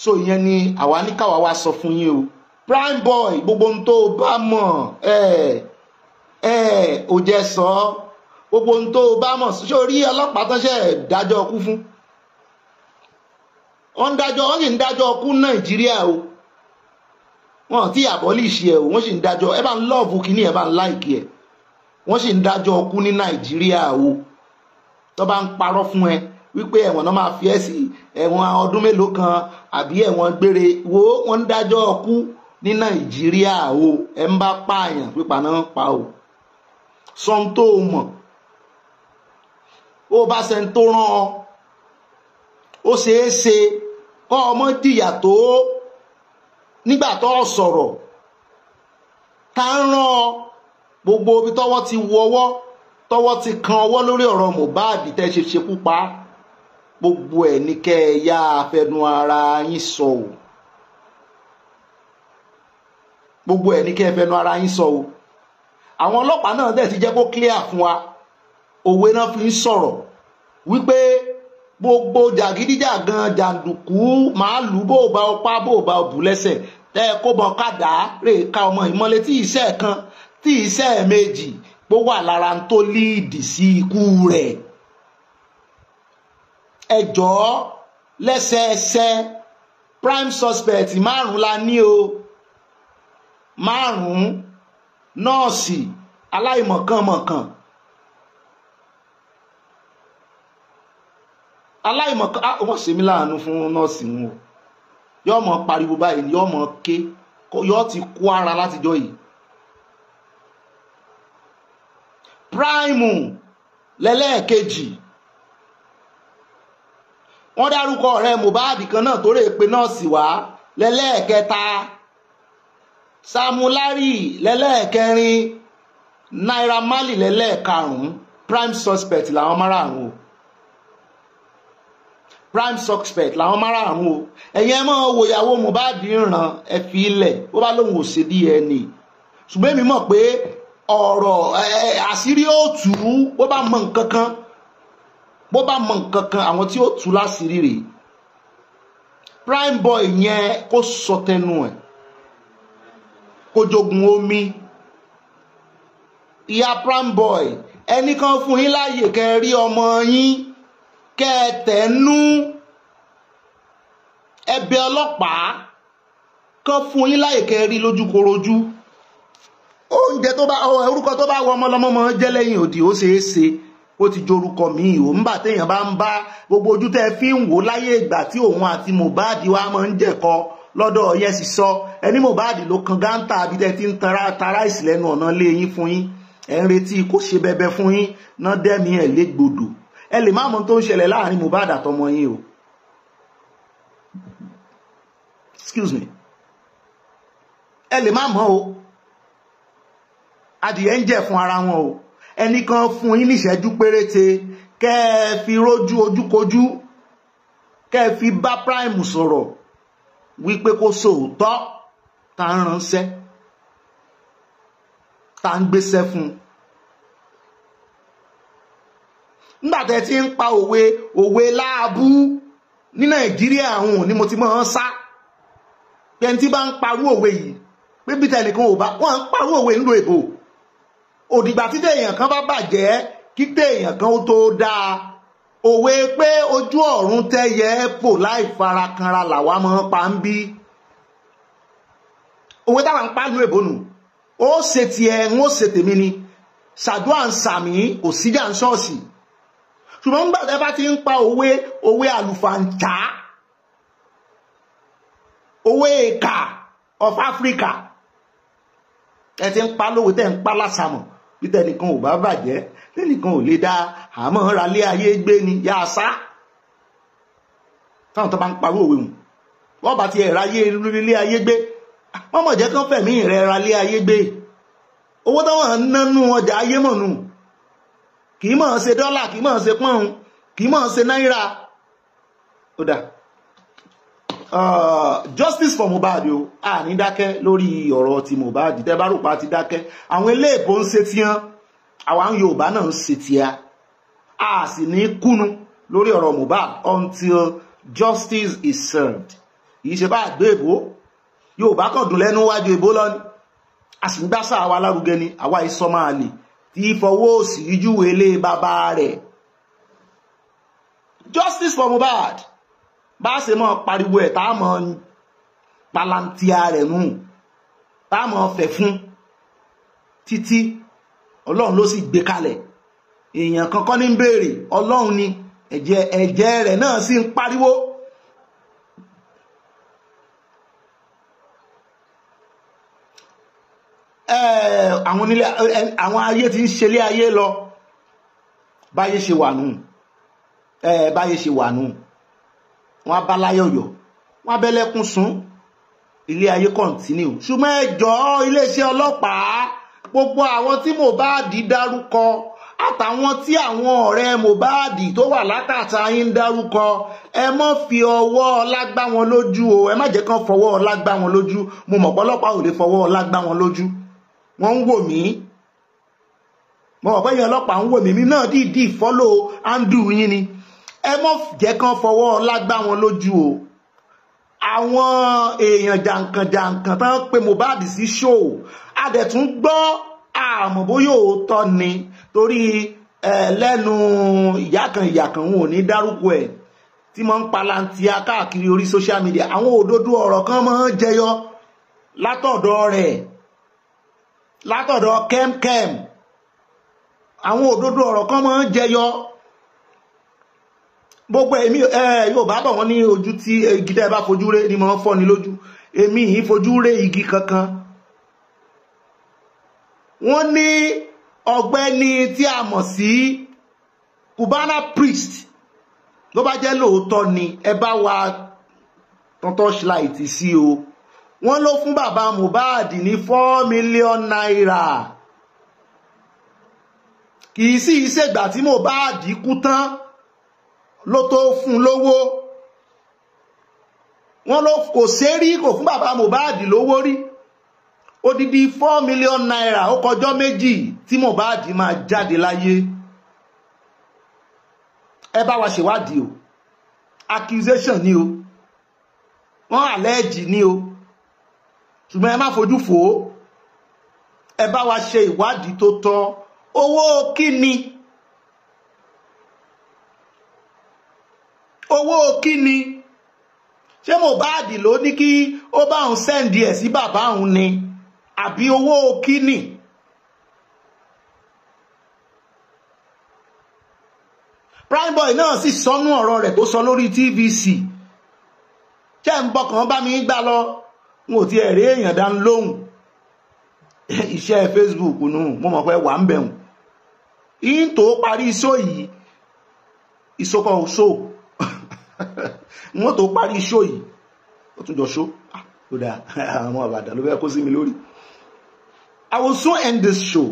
so ìyẹn ni àwa ní káwa wá sọ fún yín o prime boy gbogbo ohun tó o bá mọ̀ ẹ̀ ẹ̀ ò jẹ́ sọ ọ́ gbogbo ohun tó o bá mọ̀ ṣé o rí ọlọ́pàá tán ṣe dájọ́ ọkú fún wọ́n ń dájọ́ wọ́n sì ń dájọ́ ọkú nàìjíríà o wọ́n ti àbọ̀lìṣì ẹ̀ o wọ́n sì ń dájọ́ ẹ bá ń lọ́ọ̀bù kínní ẹ bá ń láìkì ẹ̀ wọ́n sì ń dájọ́ ọkú ní nàìjíríà o tó bá ń parọ́ fún ẹ wípé ẹ̀wọ̀n náà máa fi ẹ́ sí ẹ̀wọ̀n ọdún mélòó kan àbí ẹ̀wọ̀n gbére wo wọ́n ń dájọ́ ọkú ní nàìjíríà o ẹ̀ ń bá pààyàn pípa náà pa o sọ́n tó o mọ̀ ó bá ṣe ń tó rán ọ ó ṣeé ṣe kọ́ ọmọ dìyà tó nígbà tó sọ̀rọ̀ tá ń rán ọ gbogbo ibi tọ́wọ́ ti wọ́wọ́ tọ́wọ́ ti kan ọwọ́ lórí ọ̀rọ̀ Mohbad tẹ́ ṣe ṣekú pa á gbogbo ẹ̀ ní kẹ́ ẹ yá afẹnu ara yín sọ o gbogbo ẹ̀ ní kẹ́ ẹ fẹnu ara yín sọ o àwọn ọlọ́pàá náà dẹ̀ ti jẹ́ kó clear fún wa òwe náà fi ń sọ̀rọ̀ wípé gbogbo jàgídíjàgan jàǹdùkú màálù bó ba ọpá bó ba ọbù lẹ́sẹ̀ tẹ́ ẹ kó bọ kàdá rè ka ọmọ ìmọ́lẹ̀ tí iṣẹ́ kan tí iṣẹ́ méjì gbogbo àlára ń tó líìdì sí ikú rẹ̀ ẹ jọ̀ọ́ lẹ́sẹẹsẹ prime suspect márùn la ní o márùn nọ́ọ̀sì aláìmọ̀kànmọ̀kàn aláìmọ̀kàn ah wọ́n ṣe mí láàánú fún nọ́ọ̀sì wọn o yóò mọ̀ pariwo báyìí yóò mọ̀ ké yóò ti kó ara látijọ́ yìí prime lẹ́lẹ́ẹ̀kejì wọ́n dárúkọ ọ̀rẹ́ Mohbad kan náà tó lè pe nọ́ọ̀sì wá lẹ́lẹ́ẹ̀kẹta Samulari lẹ́lẹ́ẹ̀kẹrin Naira mali lẹ́lẹ́ẹ̀karùn-ún prime suspect làwọn márààrún o prime suspect làwọn márààrún o ẹ̀yin ẹ máa wo ìyàwó Mohbad ràn ẹ fi ilẹ̀ ó bá lóun ò ṣe DNA ṣùgbọ́n èmi mọ̀ pé ọ̀rọ̀ àṣírí ó ó bá mọ nǹkan kan bó bá mọ nǹkan kan àwọn tí ó tú láṣìírí rèé prime boy yẹn kó sọ tẹnu ẹ̀ kó jogun omi ìyá prime boy ẹnì kan fún yín láàyè kẹ́ rí ọmọ yín kẹ́ ẹ tẹnu ẹbẹ ọlọ́pàá kan fún yín láàyè kẹ́ rí lójúkorojú oúnjẹ tó bá orúkọ tó bá wọ ọmọ lọmọ mọ jẹ lẹ́yìn òdì ó ṣeé ṣe ó ti jorúkọ míì ò ń bà téèyàn bá ń bá gbogbo ojú tẹ́ fi ń wò láyé ìgbà tí òun àti Mohbad wa máa ń jẹ̀kọ lọ́dọ̀ ọ̀yẹ́ sísọ ẹni Mohbad ló kan gáńtà àbí tẹ́ ti ń tara tara ìsìlẹ́nu ọ̀nà lé yín fún yín ẹ̀ ń retí kó ṣe bẹbẹ fún yín ná dẹ́mi ẹ̀ légbodò ẹ lè má mọ tó ń ṣẹlẹ̀ láàrin Mohbad àtọmọ yín o excuse me ẹ lè má mọ o adìyẹ ń jẹ fún ara wọn o ẹnìkan fún yín níṣẹ́jú péréte kẹ́ ẹ fi rójú ojúkojú kẹ́ ẹ fi bá prime sọ̀rọ̀ wípé kó sòótọ́ tá ń ránṣẹ́ tá ń gbéṣẹ́ fún un nígbà tẹ́ ń pa òwe òwe láàbù ní nàìjíríà àwọn òní mo ti máa ń sá pé ẹni tí bá ń parú òwe yìí pé bí tẹnìkan ò bá wọn ń parú òwe ńlò èbò òdìgbà tí téèyàn kan bá bàjẹ́ kí téèyàn kan ó tó dáa òwe pé ojú ọ̀run tẹ́yẹ pò láì farakanra làwa máa pa ń bí òwe táwọn ń pa lu èbónú ó ṣe tiẹ̀ ń ó ṣe tèmi ni ṣàdúrà ń sàmì kò síjà ń ṣọ́ọ̀ṣì ṣùgbọ́n nígbà tẹ́ bá ti ń pa òwe òwe àlùfàǹtà òwe èkà of Africa ẹ ti ń pa lówe tẹ́ ń pa lásàmù bí tẹnìkan ò bá bàjẹ́ tẹnìkan ò lè dá àmọ́ ralé ayé gbé ni yá a sá táwọn tó bá ń parú òwe hùn wọ́n bá ti ẹ̀rọ ayé ilé ayé gbé wọ́n mọ̀ jẹ́ kán fẹ̀mí rẹ̀ ralé ayé gbé owó táwọn ń nánú ọjà ayé mọ̀ nù kì í mọ̀ ṣe dọ́là kì í mọ̀ ṣe pọ́n kì í mọ̀ ṣe náírà ó dáa Uh, justice for Mohbad o a ní dákẹ́ lórí ọ̀rọ̀ ti Mohbad tẹ́ bá rò pa ti dákẹ́ àwọn eléèbó ń ṣe tiẹ́ àwa ń Yorùbá náà ń ṣe a sì ní kúnu lórí ọ̀rọ̀ Mohbad until justice is served yìí ṣe bá àgbé èbó Yorùbá kàn dùn lẹ́nu wájú èbó lọ́ni a sì ń gbáṣà àwa lárugẹ ni àwa ìsọmọ àlè tí fọwọ́ òsì yíjú wèlé bàbá rẹ̀ justice for Mohbad bá ṣe mọ́ pariwo ẹ̀ tá a mọ́ palantia rẹ̀ nù tá a mọ́ fẹ̀ fún títí ọlọ́run ló sì gbé kalẹ̀ èèyàn kankan ní béèrè ọlọ́run ni ẹ̀jẹ̀ ẹ̀jẹ̀ rẹ̀ náà sì ń pariwo. àwọn onílé àwọn ayé tí ń ṣelé ayé lọ báyé ṣe wà nù báyé ṣe wà nù wọn á bá láyọ̀yọ̀ wọn á bẹ́lẹ́kún sún ilé ayé kọ̀ǹtínú ṣùgbọ́n ẹjọ́ iléeṣẹ́ ọlọ́pàá gbogbo àwọn tí Mohbad dárúkọ àtàwọn tí àwọn ọ̀rẹ́ Mohbad tó wà látàtà yín dárúkọ ẹ má fi ọwọ́ ọlá gbá wọn lójú o ẹ má jẹ́ kán fọwọ́ ọlá wọn lójú mo mọ̀ pọ́lọ́pàá ò lè fọwọ́ ọlá wọn lójú wọ́n ń wò mí mo mọ̀ pé yẹn ọlọ́pàá ń wò mí mi náà dìídì fọ́lọ́ andrew yín ni ẹ mọ́ jẹ́ kán fọwọ́ lágbá wọn lójú o àwọn èèyàn jàǹkànjàǹkàn tán pé Mohbad sí ṣòwò adẹ̀tún gbọ́ àmọ́ bóyá òótọ́ ni torí lẹ́nu ìyá kan ìyá kan wọn ò ní dárúkọ ẹ̀ tí mo ń palantia káàkiri orí social media àwọn òdodo ọ̀rọ̀ kan máa ń jẹyọ látọ̀dọ̀ rẹ̀ látọ̀dọ̀ kẹ́mkẹ́m àwọn òdodo ọ̀rọ̀ kan máa ń jẹyọ gbogbo èmi yóò bá bọ̀ wọ́n ní ojú tí igi tẹ́ ẹ bá fojú ré ni mo fọ́ ni lójú èmi yìí fojú ré igi kankan wọ́n ní ọ̀gbẹ́ni tí a mọ̀ sí Cubana priest ló bá jẹ́ lóòótọ́ ni ẹ bá wa torchlight sí o wọ́n ló fún bàbá Mohbad ní four million naira kì í sì í ṣègbà tí Mohbad kú tán ló tó fún lówó wọ́n ló kò sérí kò fún bàbá Mohbad lówó rí odidi four million naira ó kọjọ́ méjì tí Mohbad máa jáde láyé ẹ bá wa ṣèwádìí o accusation ni o wọ́n àlẹ́ẹ̀jì ni o ṣùgbọ́n ẹ má fojú fò ó ẹ bá wa ṣe ìwádìí tó tọ́ owó kí ni owó kíni ṣé Mohbad ló ní kí ó bá òun sẹ́ǹdì ẹ̀ sí bàbá òun ni àbí owó kíni. prime boy náà sì sọnú ọ̀rọ̀ rẹ̀ tó sọ lórí tvc ṣé ń bọkàn bá mi gbà lọ n ò tiẹ̀ rí èèyàn dá lóhùn iṣẹ́ facebook nù mo mọ̀ pé wà ń bẹ̀hùn yín tó parí iṣó yìí ìṣókọ̀ ṣó wọ́n tó parí iṣó yìí ó tún jọ ṣó ah, ó dáa àwọn àbàdàn ló fẹ́ kó sí mi lórí. I will soon end this show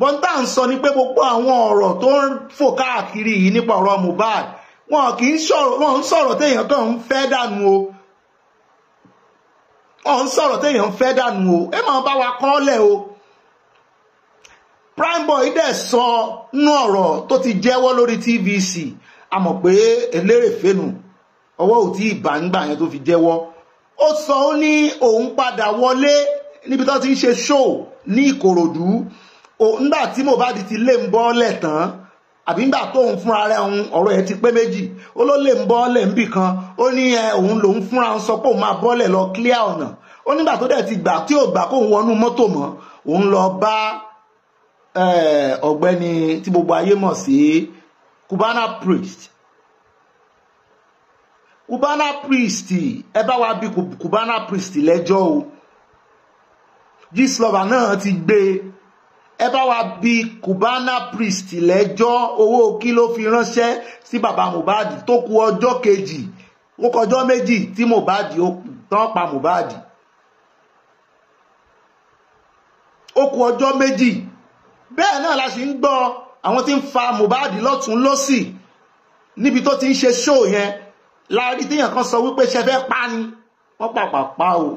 bọ́ńtà ń sọ ni pé gbogbo àwọn ọ̀rọ̀ tó ń fò káàkiri yìí nípa ọ̀rọ̀ Mohbad wọn kì í sọ̀rọ̀ wọn ń sọ̀rọ̀ téèyàn kàn ń fẹ́ dànù o wọn ń sọ̀rọ̀ téèyàn ń fẹ́ dànù o ẹ máa bá wa kán lẹ̀ o Primeboy dẹ̀ sọ nú ọ̀rọ̀ tó ti jẹ́wọ́ lórí TVC a mọ̀ pé elérèfénu ọwọ́ ò tí ì bà ń gbà yẹn tó fi jẹ́wọ́ ó sọ ó ní òun padà wọlé níbi tó ti ń ṣe ṣóò ní Ìkòròdú nígbà tí Mohbad ti lè ń bọ́lẹ̀ tán àbí nígbà tóun fúnra rẹ̀ òun ọ̀rọ̀ ẹ̀ ti pé méjì ó ló lè ń bọ́lẹ̀ níbì kan ó ní òun lòun fúnra sọ pé òun máa bọ́lẹ̀ lọ clear ọ̀nà ó nígbà tó dẹ̀ ti gbà tí ò gbà kóun wọnú mọ́tò mọ́ òun lọ bá ọ̀gbẹ́ni tí gbogbo ayé mọ̀ sí Kubana priest kubana priest ẹ bá wa bí Cubana priest lẹ́jọ́ o Gistlover náà ti gbé ẹ bá wa bí Cubana priest lẹ́jọ́ owó kí ló fi ránṣẹ́ sí bàbá Mohbad tó kù ọjọ́ kejì ó kọjọ́ méjì tí Mohbad ó tán pa Mohbad ó kù ọjọ́ méjì bẹ́ẹ̀ náà la sì ń gbọ́ àwọn tí ń fa Mohbad lọ́tún lọ́sì níbi tó ti ń ṣe ṣóò yẹn láàrí téèyàn kan sọ wípé ṣe pa ni wọ́n pàpà pa o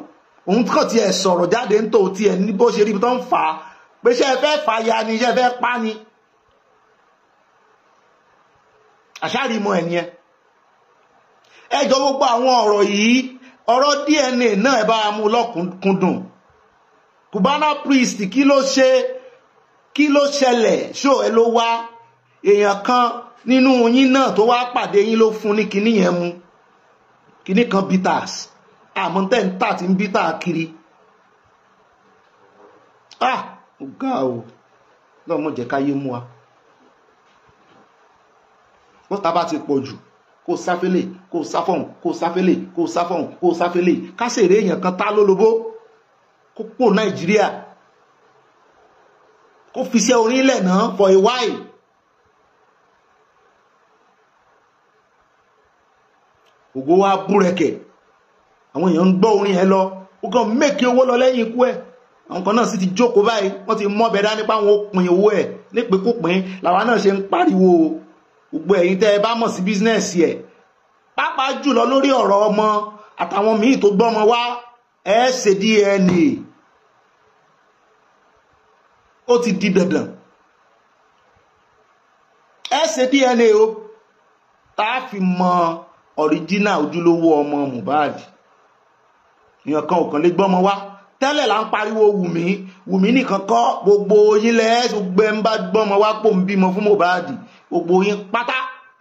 òun kàn tiẹ̀ sọ̀rọ̀ jáde ń tó tiẹ̀ ní bó ṣe rí ibi tó ń fà á pé ṣe fẹ́ fà ya ni ṣe fẹ́ pa ni àṣàrìmọ̀ ẹ̀ nìyẹn ẹ jọ gbogbo àwọn ọ̀rọ̀ yìí ọ̀rọ̀ DNA náà ẹ bá mú lọ́kùnkúndùn Cubana priest kí ló ṣe kí ló ṣẹlẹ̀ ṣó ẹ ló wá èèyàn kan nínú yín náà tó wá pàdé yín ló fún ní kinní yẹn mu kinní kan bitters àmọ́ tẹ́ ń bítà kiri ah ọ̀gá o náà mọ̀ jẹ́ káyé mú wa bọ́ta bá ti pọ̀ jù kó sáfẹ́lẹ̀ kó sáfọ̀hún kó sáfẹ́lẹ̀ kó sáfọ̀hún kó sáfẹ́lẹ̀ káṣèrè èèyàn kan tá lólobó kó pò Nàìjíríà ó fi iṣẹ́ orílẹ̀ náà for a while. ògo wa búrẹ̀kẹ̀ àwọn èèyàn ń gbọ́ orin ẹ lọ ó kàn méèkì owó lọ lẹ́yìn ikú ẹ̀ àwọn kan náà sì ti jókòó báyìí wọ́n ti mọ́bẹ̀ dání pa àwọn òpin owó ẹ̀ nípínkúpín làwa náà ṣe ń pariwo gbogbo ẹ̀yin tẹ́ ẹ bá mọ̀ sí bísínẹ́sì ẹ̀ pàápàá jùlọ lórí ọ̀rọ̀ ọmọ àtàwọn míì tó gbọ́mọ wá ẹ̀ ṣe DNA ó ti di dandan ẹ ṣe DNA o tá a fi mọ ọ̀ríjínà ojúlówó ọmọ Mohbad èèyàn kan ò kàn lè gbọ́mọ wá tẹ́lẹ̀ là ń pariwo wùmí wùmí nìkan kọ́ gbogbo yín lẹ́ẹ̀ gbogbo ẹ̀ ń bá gbọ́mọ wá pò ń bímọ fún Mohbad gbogbo yín pátá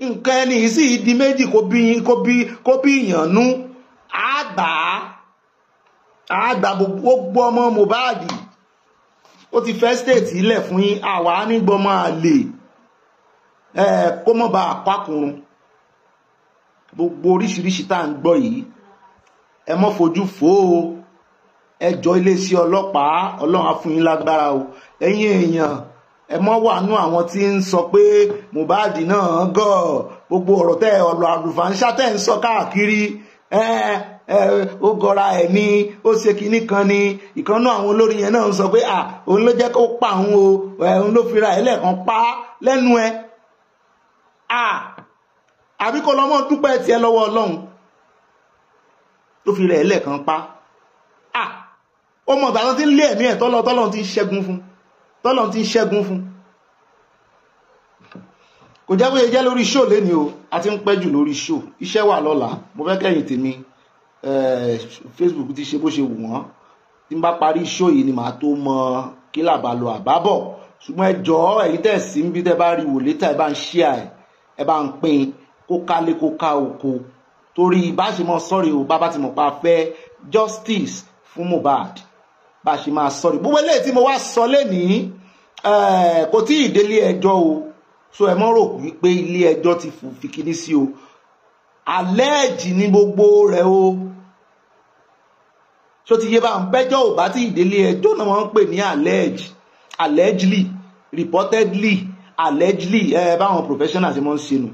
nǹkan ẹni sì di méjì kó bí kó bí àgbà àgbà gbogbo ọmọ Mohbad ó ti fẹ́ stéètì ilẹ̀ fún yín àwa nígbọmọ àlè kó mọ̀ bá àpákùnrún gbogbo oríṣiríṣi tá à ń gbọ́ yìí ẹ mọ́ fojú fò ó ẹjọ́ iléeṣẹ́ ọlọ́pàá ọlọ́run á fún yín lágbára o ẹ̀yin èèyàn ẹ mọ́ wà nú àwọn tí ń sọ pé Mohbad náà gọ̀ gbogbo ọ̀rọ̀ tẹ́ ọ̀rọ̀ àlùfáà ń sọ káàkiri ó gọra ẹ̀ ni ó ṣe kinní kan ni ìkan náà àwọn olórí yẹn náà ń sọ pé à òun ló jẹ́ kó pa òun o òun ló fira ẹ̀ lẹ́ẹ̀kan pa lẹ́nu ẹ̀ à àbí kó lọ́mọ dúpẹ́ tiẹ̀ lọ́wọ́ ọlọ́run ló fi rẹ̀ lẹ́ẹ̀kan pa à ó mọ̀ tàbí tí ń lé ẹ̀mí ẹ̀ tọ́lọ́ tọ́lọ́ ti ṣẹ́gun fún tọ́lọ́ ti ṣẹ́gun fún kò jẹ́ bóyá jẹ́ lórí ṣó lẹ́ni o a ti ń pẹ́ jù lórí ṣó iṣẹ́ wà lọ́la mo fẹ́ kẹ́yìn tèmi Facebook ti ṣe bó ṣe wù wọ́n tí n bá parí ṣó yìí ni màá tó mọ kí làbá lọ àbábọ̀ ṣùgbọ́n ẹ jọ̀ọ́ ẹ̀yin tẹ̀ sí níbi tẹ́ bá rí wò létà ẹ bá ń ṣí à ẹ̀ ẹ bá ń pín kó kálé kó ká oko torí bá ṣe mọ sọ́ọ̀rì o bàbá ti mọ̀ pa fẹ́ justice fún Mohbad bá ṣe máa sọ́ọ̀rì gbogbo eléyìí tí mo wá sọ lénìí kò tí ì délé ẹjọ́ o so ẹ mọ́ rò wípé ilé ẹjọ́ ti fi kíní sí o àlẹ́ẹ̀jì ní gbogbo rẹ̀ o so ti yé bá ń pẹ́jọ́ ò bá ti ìdílé ẹjọ́ náà wọ́n ń pè ní àlẹ́ẹ̀jì allegedly reportedly allegedly ẹ báwọn professionals ṣe máa ń ṣe nù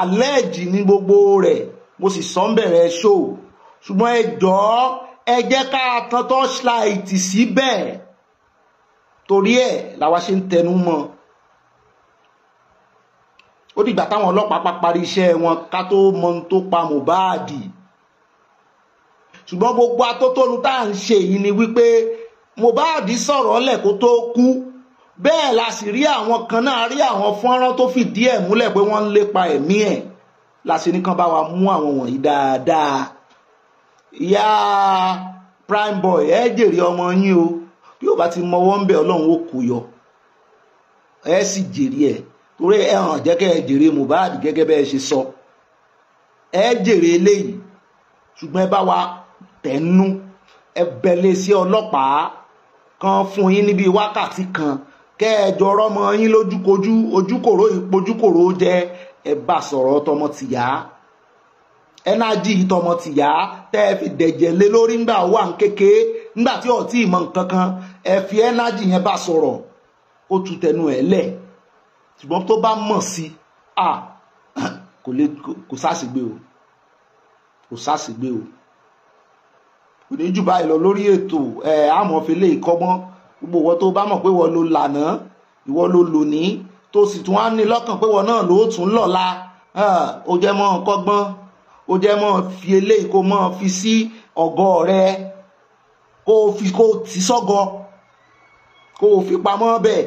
àlẹ́ẹ̀jì ní gbogbo rẹ̀ mo sì sọ ń bẹ̀rẹ̀ ṣó ṣùgbọ́n ẹ jọ̀ọ́ ẹ jẹ́ ká tan torchlight síbẹ̀ torí ẹ̀ làwa ṣe ń tẹnu mọ́ ọ ó dìgbà táwọn ọlọ́pàá pa parí iṣẹ́ wọn ká tó mọ ohun tó pa Mohbad ṣùgbọ́n gbogbo atótónu tá à ń ṣe yìí ni wípé Mohbad sọ̀rọ̀ ọ̀lẹ̀ kó tó kú bẹ́ẹ̀ la sì rí àwọn kan náà rí àwọn fọ́nrán tó fìdí ẹ̀ múlẹ̀ pé wọ́n ń lépa ẹ̀mí ẹ̀ la sì ní kàn bá wa mú àwọn wọ̀nyí dáadáa ìyá prime boy ẹ jèrè ọmọ yín o bí ó bá ti mọwọ́ ń bẹ̀ ọlọ́run ó kó yọ ẹ sì jèrè ẹ̀ torí ẹ hàn jẹ́ kẹ́ ẹ jèrè Mohbad gẹ́gẹ́ bẹ́ẹ̀ ṣe sọ ẹ jèrè eléyìí ṣùgbọ́n ẹ bá wa tẹ̀nu ẹ bẹ̀lẹ̀ sí ọlọ́pàá kan fún yín níbi wákàtí kan kẹ́ ẹ jọrọ́ mọ yín lójúkojú ojúkòrò ìpojúkòrò jẹ́ ẹ bá sọ̀rọ̀ tọmọ tìyá ẹnájì tọmọ tìyá tẹ́ ẹ fi dẹ̀jẹ̀ lé lórí ńgbà wà ń kékeré ńgbà tí ò tí ì mọ nǹkan kan ẹ fi ẹnájì yẹn bá sọ̀rọ̀ ó tu tẹnu ẹ̀ lẹ̀ ṣùgbọ́n tó bá mọ̀ sí à kò lè kò sásìgbé o kò sásìgbé o kò ní jù báyìí lọ lórí ètò ẹ àmọ̀fẹ́lẹ́ ìkọ́gbọ́n gbogbo ìwọ tó bá mọ̀ pé wọ́n ló lànà ìwọ ló lò ní tó sì tún á ní lọ́kàn pé wọ́n náà ló tún lọ́la ó jẹ́ mọ́ kọ́gbọ́n ó jẹ́ mọ́ fi eléyìí kó mọ́ fi sí ọ̀gọ́ rẹ kó fi kó tì sọ́gọ́ kó fi pamọ́ bẹ́ẹ̀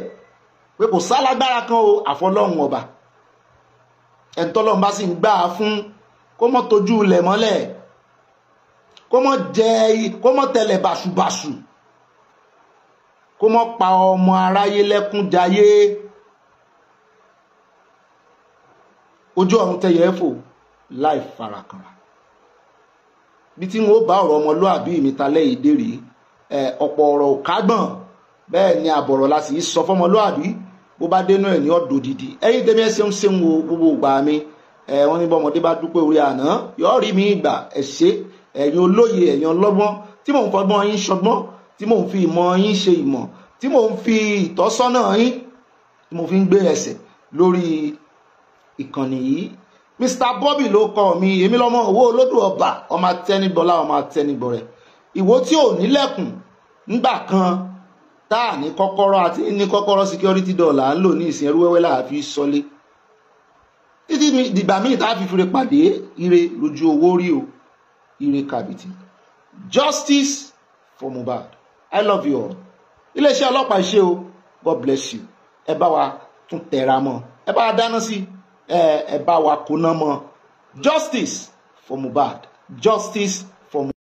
pé kò sálágbára kan o àfọlọ́run ọba ẹ̀ńtọ́lọ́run bá sì ń gbà á fún kó mọ́ tójú ilẹ̀ mọ́lẹ̀ kó mọ́ jẹ kó mọ́ tẹlẹ̀ bàṣubàṣu kó mọ́ pa ọmọ aráyé lẹ́kún jayé ojú ọ̀run tẹyẹ fò láì farakanra bí tí wọn ó bá ọ̀rọ̀ ọmọlúàbí mi ta lẹ́yìn dé rèé ọ̀pọ̀ ọ̀rọ̀ ò kágbọ̀n bẹ́ẹ̀ ni àbọ̀rọ̀ la sì sọ fọmọlúàbí bó bá dénú ẹ̀ ní ọ̀dọ̀ dídí ẹ̀yin tẹ́mi ẹ̀ ṣeun ṣeun wo gbogbo ìgbà mi ẹ̀ wọ́n ní bọ́mọdé bá dúpẹ́ orí àná yọ̀ọ́ rí mi ìgbà ẹ̀ ṣe ẹ̀yin olóye ẹ̀yin ọlọ́gbọ́n tí mò ń fọgbọ́n yín ṣọgbọ́n tí mò ń fi ìmọ̀ yín ṣe ìmọ̀ tí mò ń fi ìtọ́sọ́nà yín tí mo fi gbé ẹsẹ̀ lórí ìkànnì yìí Mr Bobby ló kọ mi èmi lọ́mọ owó olódò ọba ọmọ atẹnibọlá ọmọ atẹnibọrẹ ìwọ tí ò nílẹ̀kùn ńgbà kan tá à ní kọ́kọ́rọ́ àti ní kọ́kọ́rọ́ security dollar là ń lò ní ìsìn ẹrú wẹ́wẹ́ láà fi sọlé títí dìgbà míì tá a fi fure pàdé ire lójú owó rí o ire kàbìtì justice for Mohbad i love you all iléeṣẹ́ ọlọ́pàá ṣe o god bless you ẹ bá wa tún tẹra mọ́ ẹ bá wa dáná sí ẹ bá wa kóná mọ́ justice for Mohbad justice